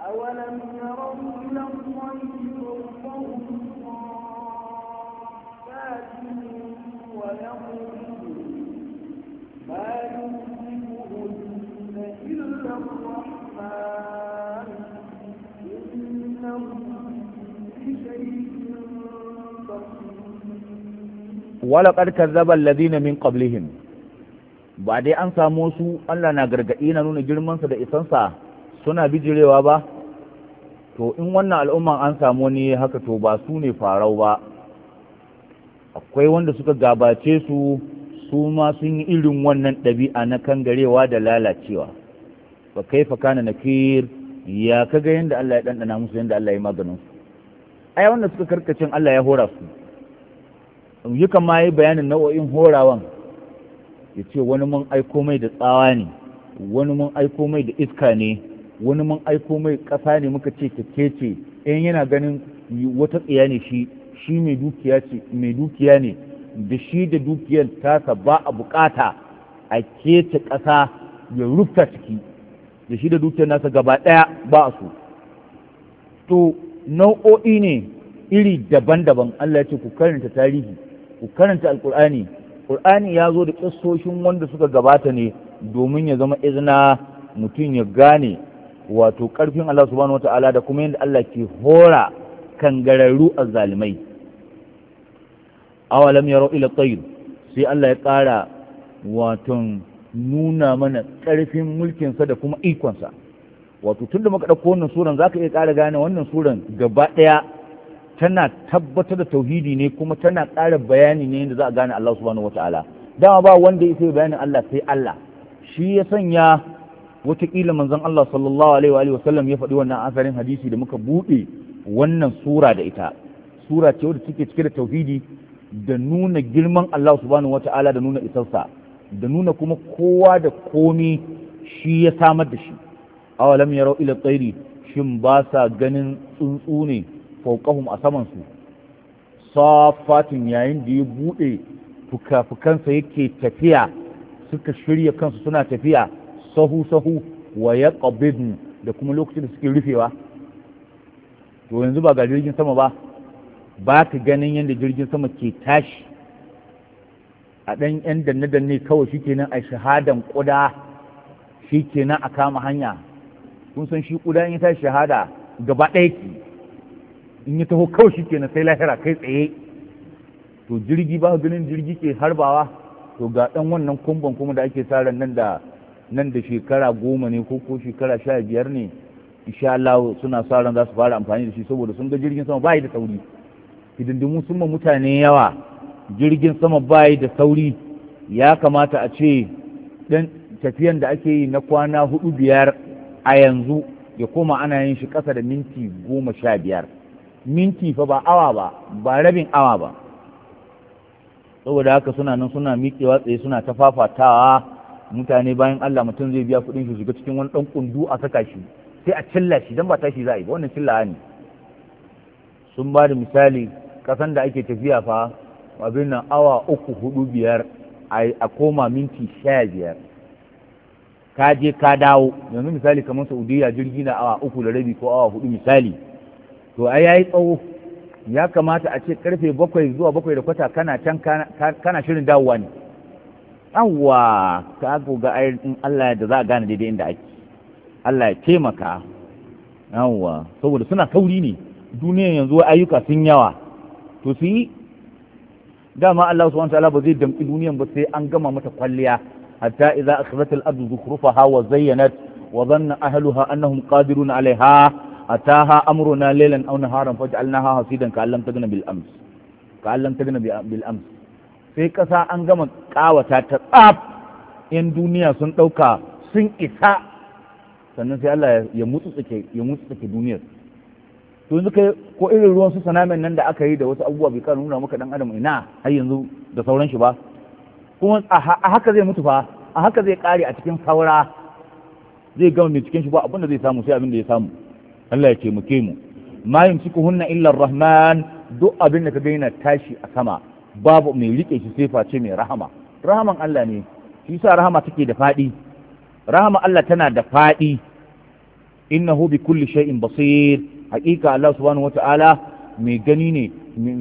أولم يروا إلى الطير فوقهم صافات ويقبض ما يمسكهن إلا الرحمن إنه بشيء بصير ولقد كذب الذين من قبلهم ba dai an samu su Allah na gargaɗi na nuna girmansa da isansa suna bijirewa ba to in wannan al'umman an samu ne haka to ba su ne farau ba akwai wanda suka gabace su su ma sun yi irin wannan ɗabi'a na kangarewa da lalacewa fa kaifa kana nakir ya kaga yanda Allah ya ɗanɗana musu yanda Allah ya maganin su ai wanda suka karkacin Allah ya hora su yukan ma yi bayanin nau'o'in horawan ya ce wani mun aiko mai da tsawa ne wani mun aiko mai da iska ne wani mun aiko mai ƙasa ne muka ce kyakke ce in yana ganin wata tsiya ne shi shi mai dukiya ce mai dukiya ne da shi da dukiyar tasa ba a bukata a kece ƙasa ya rufta ciki da shi da dukiyar nasa gaba ɗaya ba a so to nau'o'i ne iri daban-daban Allah ya ce ku karanta tarihi ku karanta alkur'ani ƙur'ani ya zo da ƙasoshin wanda suka gabata ne domin ya zama izina mutum ya gane wato ƙarfin Allah subhanahu wata'ala da kuma yadda Allah ke hora kangararru a zalimai awalam yaro ila tsayir sai Allah ya kara wato nuna mana ƙarfin mulkinsa da kuma ikonsa wato tun da muka ɗauko wannan suran za ka iya ƙara gane wannan suran gaba ɗaya tana tabbatar da tauhidi ne kuma tana ƙara bayani ne da za a gane Allah subhanahu wataala dama ba wanda ya sai bayanin Allah sai Allah shi ya sanya watakila manzan Allah sallallahu alaihi wa sallam ya faɗi wannan asarin hadisi da muka buɗe wannan sura da ita sura ce wadda take cike da tauhidi da nuna girman Allah subhanahu wataala da nuna isarsa da nuna kuma kowa da komi shi ya samar da shi awalam yarau ila tsairi shin ba sa ganin tsuntsu ne fauqahum a saman su safatin yayin da ya bude fukafukansa yake tafiya suka shirya kansu suna tafiya sahu sahu wa yaqbidun da kuma lokacin da suke rufewa to yanzu ba ga jirgin sama ba ba ka ganin yadda jirgin sama ke tashi a ɗan yan danne-danne kawai shi kenan a shahadan ƙuda shi kenan a kama hanya kun san shi ƙuda in ya tashi shahada gaba ɗaya ke in ya taho kawai shi na sai lahira kai tsaye to jirgi ba ganin jirgi ke harbawa to ga dan wannan kumban kuma da ake tsara nan da nan da shekara goma ne ko ko shekara sha biyar ne insha Allah suna sa za su fara amfani da shi saboda sun ga jirgin sama bai da sauri hidindimu sun ma mutane yawa jirgin sama bai da sauri ya kamata a ce dan tafiyan da ake yi na kwana hudu biyar a yanzu ya koma ana yin shi ƙasa da minti goma sha biyar minti fa ba awa ba ba rabin awa ba saboda haka suna nan suna miƙewa tsaye suna ta fafatawa mutane bayan Allah mutum zai biya kuɗin shi shiga cikin wani ɗan kundu a saka shi sai a cilla shi dan ba tashi za a yi ba wannan cilla ne sun ba da misali ƙasan da ake tafiya fa abin nan awa uku hudu biyar a koma minti sha biyar ka je ka dawo yanzu misali kamar saudiya jirgi na awa uku da rabi ko awa hudu misali to ai yayi tsawo ya kamata a ce karfe bakwai zuwa bakwai da kwata kana can kana shirin dawowa ne yawwa ka goga in Allah ya da za a gane daidai inda ake Allah ya taimaka yawwa saboda suna kauri ne duniya yanzu ayyuka sun yawa to su yi dama Allah subhanahu wataala ba zai damki duniyan ba sai an gama mata kwalliya hatta idza akhadhat al-ardu zukhrufaha wa zayyanat wa dhanna ahluha annahum qadirun 'alayha ataha amruna laylan aw naharan faj'alnaha hasidan ka allam tagna bil ams ka allam tagna bil ams sai kasa an gama kawata ta tsaf yan duniya sun dauka sun isa sannan sai Allah ya mutsutsuke ya mutsutsuke duniyar to yanzu kai ko irin ruwan su sanamen nan da aka yi da wasu abubuwa bai kan nuna maka dan adam ina har yanzu da sauran shi ba kuma a haka zai mutu fa a haka zai kare a cikin saura zai gama mai cikin shi ba abinda zai samu sai abinda ya samu Allah ya taimake mu ma hunna illa illar rahman duk abin da ka daina tashi a sama babu mai rike shi sai face mai rahama rahaman Allah ne shi yasa rahama take da fadi rahama Allah tana da fadi innahu bi kulli shay'in basir haqiqa Allah subhanahu wata'ala mai gani ne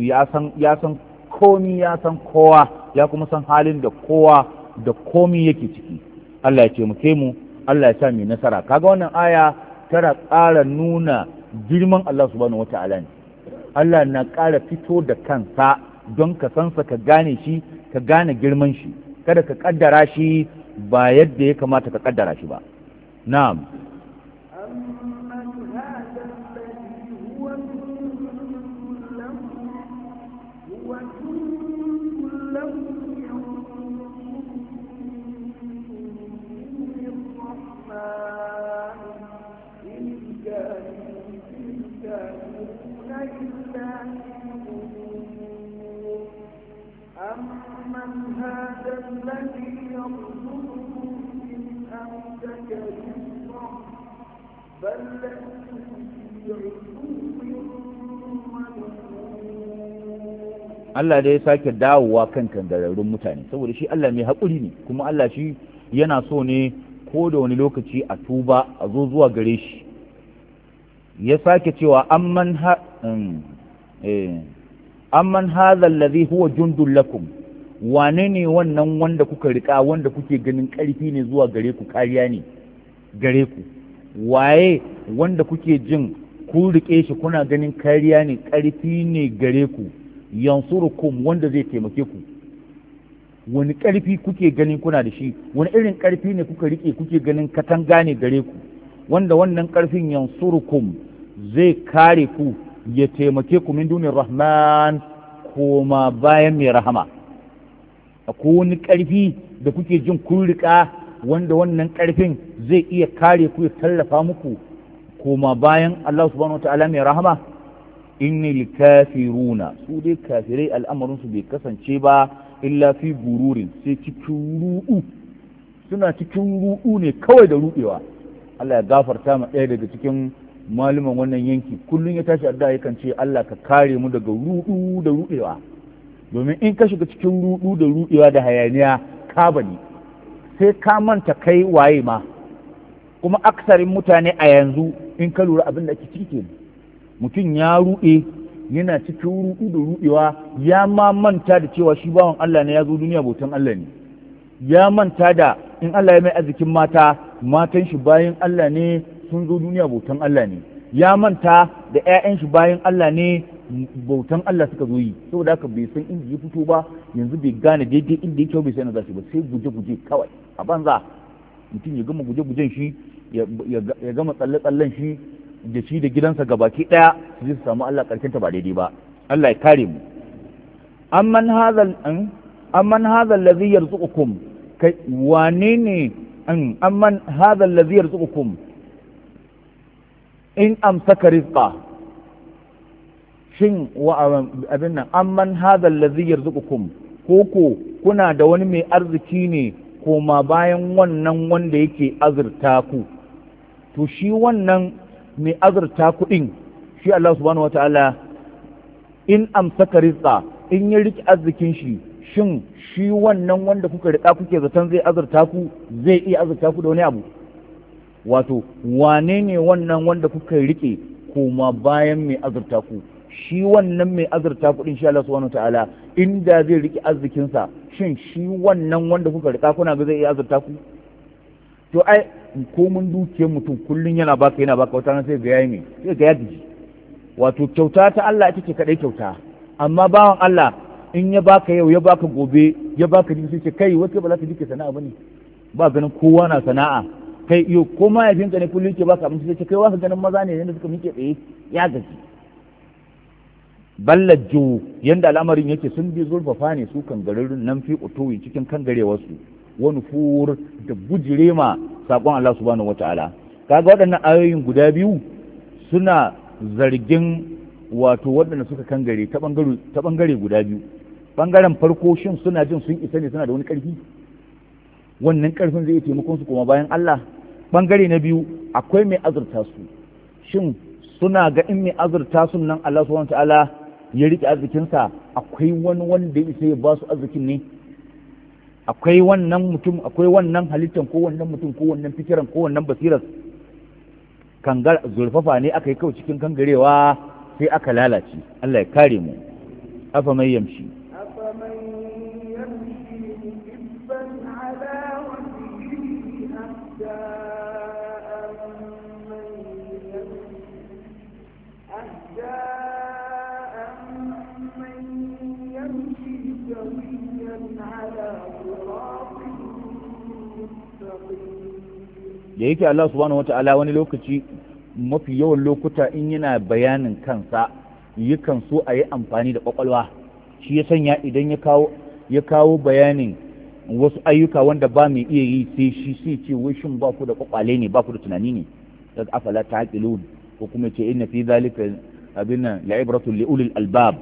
ya san ya san komi ya san kowa ya kuma san halin da kowa da komi yake ciki Allah ya ce mu mu Allah ya sa mu nasara kaga wannan aya tana ƙara nuna girman Allah subhanahu ne Allah na ƙara fito da kansa don ka sansa ka gane shi ka gane girman shi kada ka ƙaddara shi ba yadda ya kamata ka ƙaddara shi ba na'am Allah dai ya sake dawowa kan kangararrun mutane saboda shi Allah mai haƙuri ne kuma Allah shi yana so ne ko da wani lokaci a tuba a zo zuwa gare shi ya sake cewa amman ha mm, eh, amman hadha alladhi huwa jundul lakum wane ne wannan wanda kuka riƙa wanda kuke ganin ƙarfi ne zuwa gare ku kariya ne gare ku waye wanda kuke jin ku riƙe shi kuna ganin kariya ne ƙarfi ne gare ku yansurukum wanda zai taimake ku wani ƙarfi kuke ganin kuna da shi wani irin ƙarfi ne kuka riƙe kuke ganin katanga ne gare ku wanda wannan ƙarfin yansurukum zai kare ku ya taimake ku min dunin rahman koma bayan mai rahama ko wani ƙarfi da kuke jin kun wanda wannan ƙarfin zai iya kare ku ya tallafa muku koma bayan Allah subhanahu ta'ala mai rahama inni likafiruna su dai kafirai al'amarin su bai kasance ba illa fi bururin. sai cikin ru'u suna cikin ru'u ne kawai da ruɗewa Allah ya gafarta ma ɗaya daga cikin maluman wannan yanki kullum ya tashi addu'a yakan ce Allah ka kare mu daga ruɗu da ruɗewa domin in ka shiga cikin rudu da rudewa da hayaniya ka bani sai ka manta kai waye ma kuma aksarin mutane a yanzu in ka lura abin da ake ciki mutum ya ruɗe yana cikin rudu da rudewa ya ma manta da cewa shi bawan Allah ne ya zo duniya bautan Allah ne ya manta da in Allah ya mai arzikin mata matan shi bayan Allah ne sun zo duniya bautan Allah ne ya manta da 'ya'yan shi bayan Allah ne bautan Allah suka zo yi saboda haka bai san inda ya fito ba yanzu bai gane daidai inda yake bai sai na shi ba sai guje-guje kawai a banza mutum ya gama guje-gujen shi ya gama tsalle-tsallen shi da shi da gidansa gabaki daya su su samu Allah karkenta ba daidai ba Allah ya kare mu amman hadhal an amman hadhal ladhi yarzuqukum kai wane ne an amman hadhal ladhi yarzuqukum in amsaka rizqa shin wa abin nan amman hadha allazi yarzuqukum koko kuna da wani mai arziki ne koma bayan wannan wanda yake azurta ku to shi wannan mai azurta ku din shi Allah subhanahu wataala in amsaka rizqa in ya riki arzikin shi shin shi wannan wanda kuka riƙa kuke zaton zai azurta ku zai iya azurta ku da wani abu wato wane ne wannan wanda kuka riƙe koma bayan mai azurta ku shi wannan mai azurta kuɗin shi Allah subhanahu ta'ala inda zai riki arzikinsa shin shi wannan wanda kuka rika kuna ga zai iya azurta ku to ai komin duke mutum kullun yana baka yana baka wata ran sai ga yayi ne sai ga yaji wato kyauta ta Allah ita ce kadai kyauta amma bawan Allah in ya baka yau ya baka gobe ya baka jiki sai kai wace ba za ka jike sana'a bane ba ganin kowa na sana'a kai iyo ko mahaifinka ne kullun ke baka abinci sai kai wasu ganin maza ne yanda suka muke tsaye ya gaji ballajjo yanda al'amarin yake sun bi zurfafa ne su kangarorin nan fi utuwi cikin wasu wani fur da bujire ma sakon Allah subhanahu wata'ala kaga waɗannan ayoyin guda biyu suna zargin wato waɗanda suka kangare ta ɓangare guda biyu ɓangaren farko shin suna jin sun isa ne suna da wani ƙarfi wannan ƙarfin zai taimakon su kuma bayan Allah ɓangare na biyu akwai mai azurta su shin suna ga in mai azurta sun nan Allah subhanahu wata'ala ya riƙe arzikinsa akwai wani wanda ya isa ya ba su arzikin ne akwai wannan mutum akwai wannan halittan ko wannan mutum ko wannan fikiran ko wannan basirar kangar zurfafa ne aka yi kawai cikin kangarewa sai aka lalace Allah ya kare mu afa mai yamshi da yake Allah subhanahu ta'ala wani lokaci mafi yawan lokuta in yana bayanin kansa yakan so a yi amfani da kwakwalwa shi ya sanya idan ya kawo ya kawo bayanin wasu ayyuka wanda ba mai iya yi sai shi sai ce wai shin ba ku da kwakwale ne ba ku da tunani ne da afala taqilun ko kuma ce inna fi zalika abinna la'ibratul li ulil albab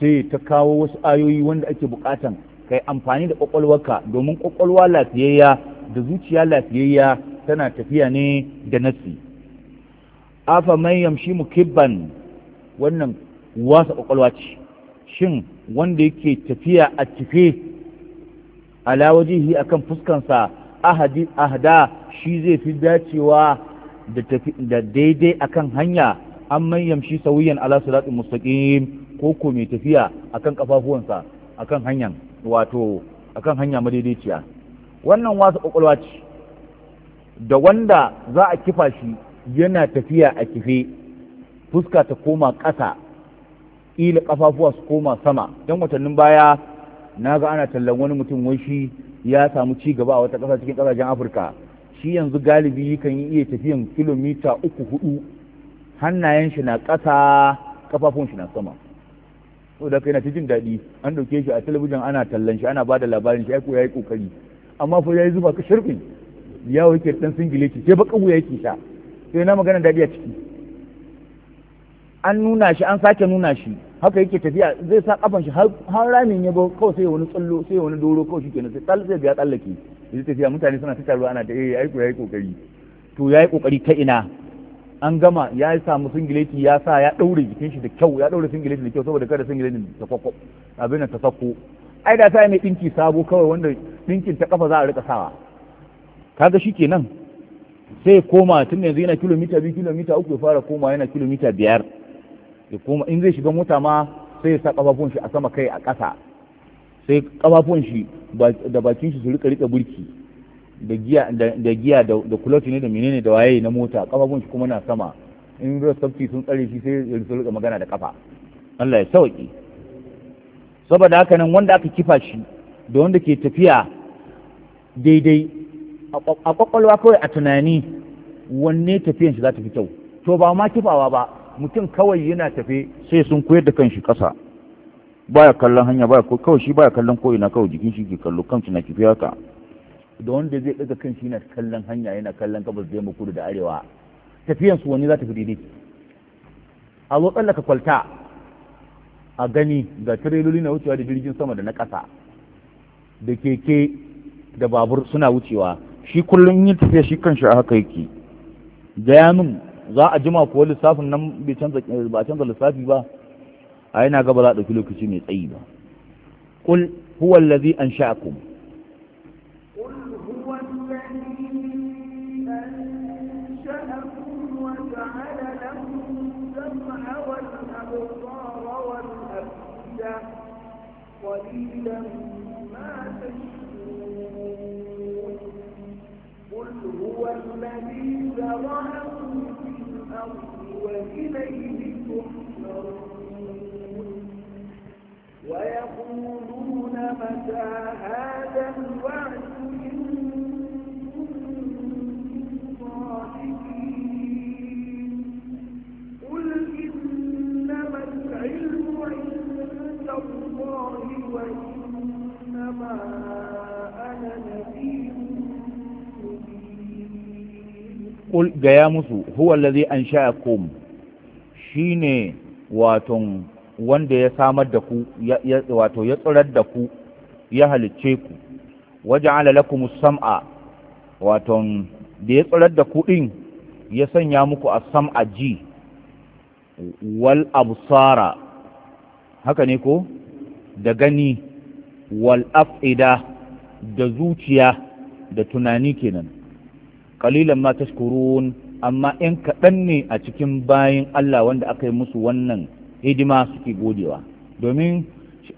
sai ta kawo wasu ayoyi wanda ake bukatan kai amfani da kwakwalwarka domin kwakwalwa lafiyayya da zuciya lafiyayya tana tafiya ne da nassi afa mai yamshi kibban wannan wasa kwakwalwa ce shin wanda yake tafiya a cife ala wajihi akan fuskansa ahadi ahda shi zai fi dacewa da daidai akan hanya an mai yamshi sauyan ala siratin mustaqim ko ko mai tafiya akan kafafuwansa akan hanyan wato akan hanya madaidaiciya wannan wasa kwakwalwa ce da wanda za a kifa shi yana tafiya a kife fuska ta koma ƙasa ila ƙafafuwa su koma sama don watannin baya na ga ana tallan wani mutum wai shi ya samu ci gaba a wata ƙasa cikin ƙasashen afirka shi yanzu galibi kan yi iya tafiyan kilomita uku hudu hannayen shi na ƙasa ƙafafun shi na sama da kai na ta jin daɗi an ɗauke shi a talabijin ana tallan shi ana ba da labarin shi aiko ya yi ƙoƙari amma fa ya yi zuba ka shirfin yawo yake dan singile ce sai baka wuya yake sha sai na magana dadi a ciki an nuna shi an sake nuna shi haka yake tafiya zai sa kafan shi har ramin ya kawai sai wani tsallo sai wani doro kawai shi kenan sai tsall sai ya tsallake yanzu tafiya mutane suna ta taruwa ana da eh aiko yayi kokari to yayi kokari ta ina an gama ya samu singileti ya sa ya daure jikin shi da kyau ya daure singileti da kyau saboda kada singileti ta kokko abin ta sako ai da sai mai dinki sabo kawai wanda dinkin ta kafa za a rika sawa kaga nan? sai koma tun yanzu yana kilomita biyu kilomita uku ya fara koma yana kilomita biyar ya koma in zai shiga mota ma sai ya sa kafafun shi a sama kai a ƙasa sai kafafun shi da bakin shi su rika rika burki da giya da giya da kuloti ne da menene da waye na mota kafafun shi kuma na sama in zai safti sun tsare shi sai ya rika magana da kafa Allah ya sauki saboda haka nan wanda aka kifa shi da wanda ke tafiya daidai a kwakwalwa kawai a tunani wanne tafiyan shi za ta fi kyau to ba ma kifawa ba mutum kawai yana tafe sai sun koyar da kanshi kasa baya kallon hanya baya kawai shi baya kallon ko'ina kawai jikin shi ke kallo kanshi na kifi haka da wanda zai daga kanshi yana kallon hanya yana kallon gabas zai mu kudu da arewa tafiyan su wani za ta fi daidai a zo tsallaka kwalta a gani ga tireloli na wucewa da jirgin sama da na ƙasa da keke da babur suna wucewa shi kullum yin tafiya shi kan shi a haka yake gaya min za a jima kuwa lissafin nan bai canza ba a canza lissafi ba a yana gaba za a ɗauki lokaci mai tsayi ba kul huwa allazi ansha'akum قليلا ما تشكرون والذي ذرأهم في الأرض وإليه تحشرون ويقولون متى هذا الوعد إن كنتم قل إنما العلم عند الله وإنما kul gaya musu huwa allazi ansha'akum shine waton wanda ya samar da ku wato ya tsurar da ku ya halicce ku waja'ala lakum sam'a waton da ya tsurar da ku din ya sanya muku as-sam'a ji wal absara haka ne ko da gani wal af'ida da zuciya da tunani kenan Kalilan ma tashkurun amma in kaɗan ne a cikin bayan Allah wanda aka yi musu wannan hidima suke godewa domin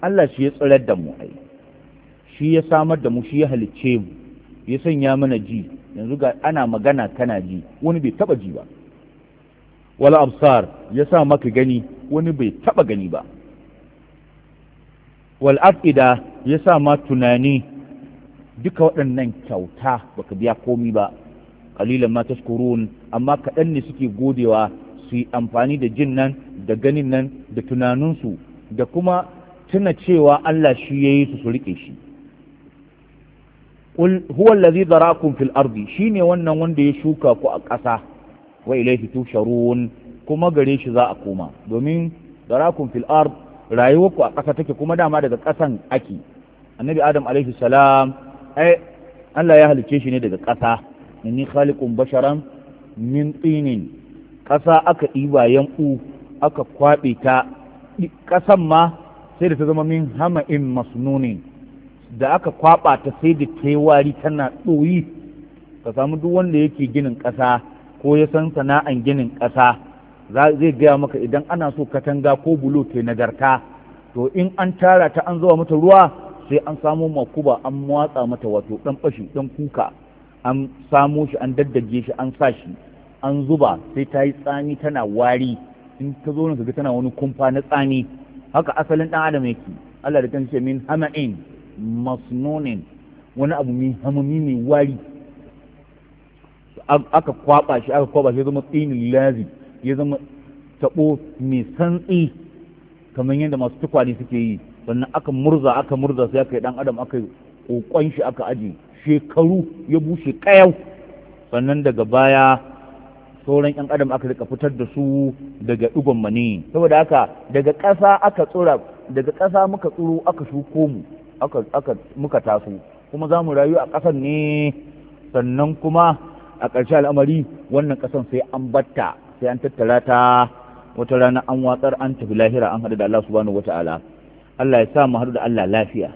Allah shi ya tsirar da mu ai shi ya samar da mu shi ya halicce mu ya sanya mana ji yanzu ga ana magana kana ji wani bai taba ji ba wala absar ya sa maka gani wani bai taba gani ba wal afida ya sa ma tunani duka waɗannan kyauta baka biya komi ba qalilan ma tashkurun amma kaɗan ne suke godewa su yi amfani da jin nan da ganin nan da tunaninsu da kuma tuna cewa Allah shi ya yi su su riƙe shi huwa allazi darakum fil ardi shine wannan wanda ya shuka ku a ƙasa wa ilayhi tusharun kuma gare shi za a koma domin darakum fil ard rayuwarku a ƙasa take kuma dama daga ƙasan ake annabi adam alaihi salam ai Allah ya halicce shi ne daga ƙasa inni khaliqun basharan min tsinin ƙasa aka ɗiba yanku aka kwabe ta ƙasan ma sai da ta zama min hama'in masnunin da aka kwaɓa ta sai da ta wari tana ɗoyi ka samu duk wanda yake ginin ƙasa ko ya san sana'an ginin ƙasa zai gaya maka idan ana so katanga ko bulo ke nagarta to in an tara ta an zuwa mata ruwa sai an samo makuba an watsa mata wato ɗan fashi ɗan kuka an samo shi an daddage shi an sa shi an zuba sai ta yi tsami tana wari in ta zo ka ga tana wani kumfa na tsami haka asalin dan adam yake Allah da kan min hama'in masnunin wani abu mai hamami mai wari aka kwaba shi aka kwaba shi ya zama tsinin lazi ya zama tabo mai santsi kamar yadda masu tukwane suke yi sannan aka murza aka murza sai aka yi dan adam aka kokon shi aka ajiye shekaru ya bushe kayau sannan daga baya sauran yan adam aka rika fitar da su daga digon mani saboda haka daga ƙasa aka tsura daga ƙasa muka tsuro aka shuko mu aka aka muka taso kuma za mu rayu a ƙasan ne sannan kuma a ƙarshe al'amari wannan ƙasan sai an batta sai an tattara ta wata rana an watsar an tafi lahira an haɗu da Allah subhanahu wata'ala Allah ya sa mu haɗu da Allah lafiya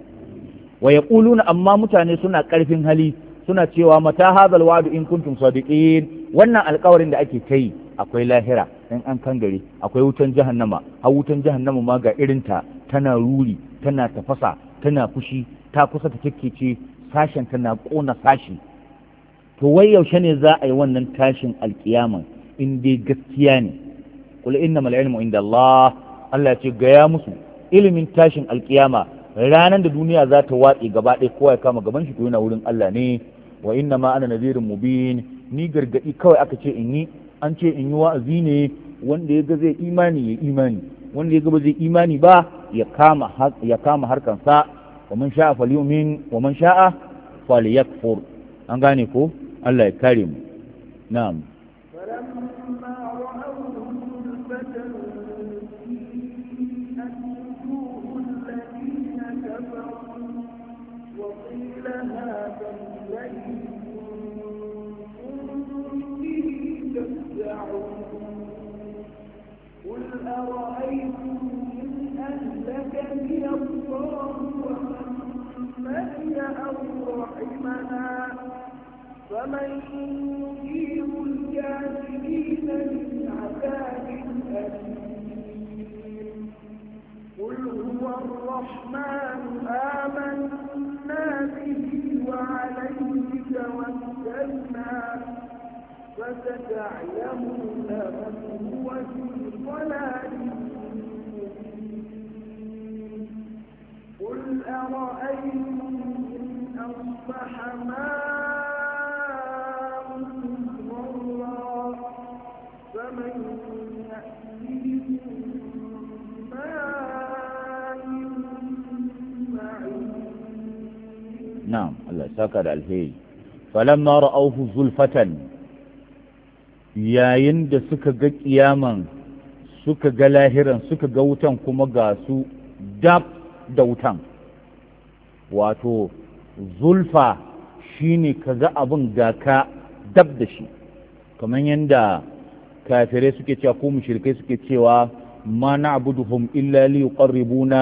wa ƙuluna. amma mutane suna ƙarfin hali suna cewa mata hazal wa'du in kuntum sadiqin wannan alƙawarin da ake kai akwai lahira in an kan gari akwai wutan jahannama har wutan jahannama ma ga irinta tana ruri tana tafasa tana fushi ta kusa ta kikkece sashen tana kona sashi to wai yaushe ne za a yi wannan tashin alkiyaman in dai gaskiya ne kul innamal ilmu inda Allah Allah ya ce gaya musu ilimin tashin alkiyama ranar da duniya za ta watse gaba ɗaya kowa ya kama gaban shi ko yana wurin Allah ne wa inna ma ana nazirin mubin ni gargadi kawai aka ce in yi an ce in yi wa'azi ne wanda ya ga zai imani ya imani wanda ya ga ba zai imani ba ya kama ya kama harkansa wa man sha'a falyumin wa man sha'a falyakfur an gane ko Allah ya kare mu na'am فمن يجيب الكافرين من عذاب قل هو الرحمن آمنا به وعليه توكلنا فستعلمون من هو في ضلال saka da alheri falamma ra'awhu zulfatan yayin da suka ga kiyaman suka ga lahiran suka ga wutan kuma ga su dab da wutan wato zulfa shine kaga abin ga ka dab da shi kamar yadda kafirai suke cewa ko mushrikai suke cewa ma na'buduhum illa li yuqarribuna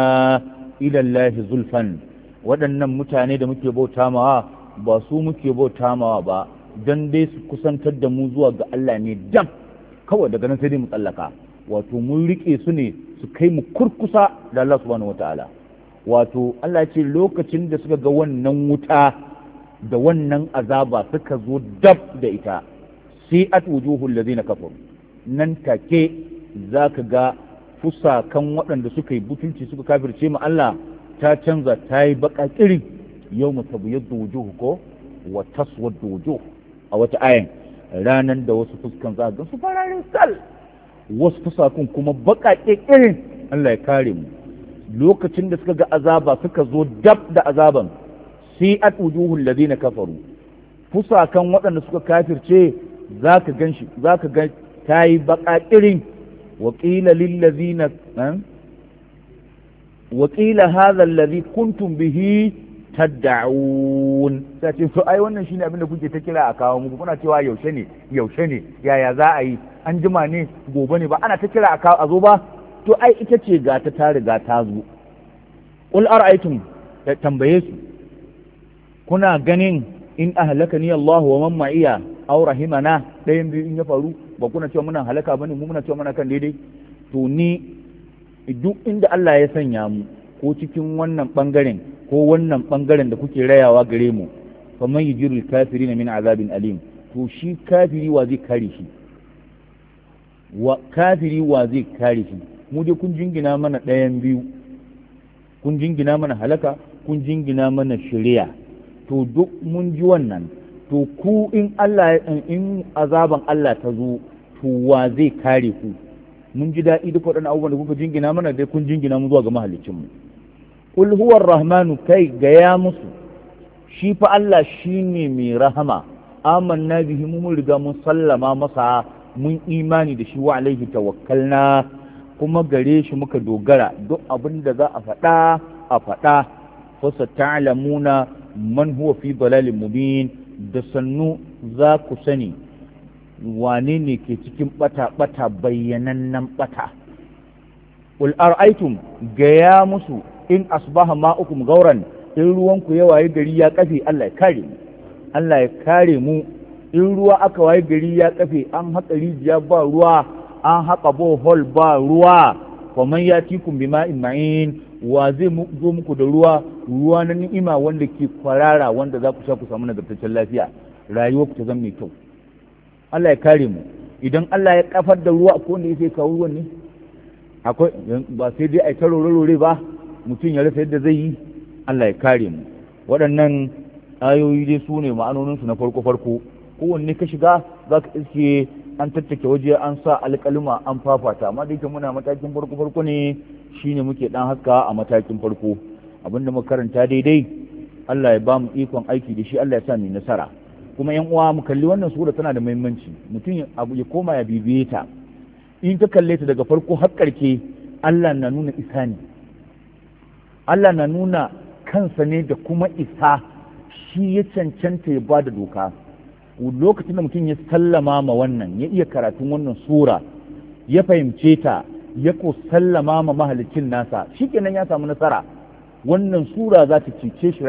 ila allahi zulfan waɗannan mutane da muke bauta mawa ba su muke bauta mawa ba don dai su kusantar da mu zuwa ga Allah ne dam kawai daga nan sai dai mu tsallaka wato mun riƙe su ne su kai mu kurkusa da Allah subhanahu wataala wato Allah ce lokacin da suka ga wannan wuta da wannan azaba suka zo dab da ita sai at wujuhul ladina kafur nan take zaka ga fusakan waɗanda suka yi butulci suka kafirce mu Allah ta canza ta yi baka kiri yau mata biyar wujuhu ko wa taswa dojo. a wata ayan ranar da wasu fuskan za a ga su fararin sal wasu fusakun kuma baka irin Allah ya kare mu lokacin da suka ga azaba suka zo dab da azaban sai at wujuhul ladina kafaru fusakan waɗanda suka kafirce zaka ganshi zaka ga tayi baka irin wa qila lil ladina eh? wakila هذا الذي كنتم bihi تدعون sai سو اي wannan shine abin da kuke ta kira a kawo muku kuna cewa yaushe ne yaushe ne yaya za a yi an jima ne gobe ne ba ana ta kira a kawo a zo ba to ai ita ce ga ta ta riga ta zo qul ara'aytum tambaye su kuna ganin in ahlakani Allah wa man ma'iya aw rahimana dayan biyu in ya faru ba kuna cewa muna halaka bane mu muna cewa muna kan daidai to ni duk inda Allah ya sanya mu ko cikin wannan bangaren ko wannan bangaren da kuke rayawa gare mu fa man yujirul kafirin min azabin alim to shi kafiri wa zai kare shi wa kafiri wa zai kare shi mu dai kun jingina mana ɗayan biyu kun jingina mana halaka kun jingina mana shari'a to duk mun ji wannan to ku in Allah in azaban Allah ta zo to wa zai kare ku mun ji daɗi duk waɗannan abubuwan da kuka jingina mana dai kun jingina mu zuwa ga mahalicinmu kul huwa rahmanu kai gaya musu shi fa Allah shi ne mai rahama amanna bihi mun riga mun sallama masa mun imani da shi wa alaihi tawakkalna kuma gare shi muka dogara duk abin da za a faɗa a faɗa fasa ta'lamuna man huwa fi dalalin mubin da sannu za ku sani wane ne ke cikin bata bata bayyanannen bata Ul'ar ara'aytum gaya musu in asbaha ma'ukum gauran in ruwanku ya waye gari ya kafe Allah ya kare mu Allah ya kare mu in ruwa aka waye gari ya kafe an haƙa rijiya ba ruwa an haƙa bohol ba ruwa faman ya tikun bima ima'in wa zai zo muku da ruwa ruwa na ni'ima wanda ke kwarara wanda za ku sha ku samu nagartaccen lafiya rayuwa ku ta zama mai kyau Allah ya kare mu idan Allah ya kafar da ruwa ko ne sai kawo ruwan ne akwai ba sai dai ai ta rore ba mutum ya rasa yadda zai yi Allah ya kare mu waɗannan ayoyi dai su ne su na farko farko kowanne ka shiga za ka iske an tattake waje an sa alƙaluma an fafata amma da muna matakin farko farko ne shine muke dan haska a matakin farko abinda muka karanta daidai Allah ya ba mu ikon aiki da shi Allah ya sa mu nasara kuma yan uwa mu kalli wannan sura tana da muhimmanci mutum ya koma ya bibiye ta in ka kalle ta daga farko har karke Allah na nuna isa ne Allah na nuna kansa ne da kuma isa shi ya cancanta ya ba da doka lokacin da mutum ya sallama ma wannan ya iya karatun wannan sura ya fahimce ta ya ko sallama ma mahalicin nasa shikenan ya samu nasara wannan sura za ta cece shi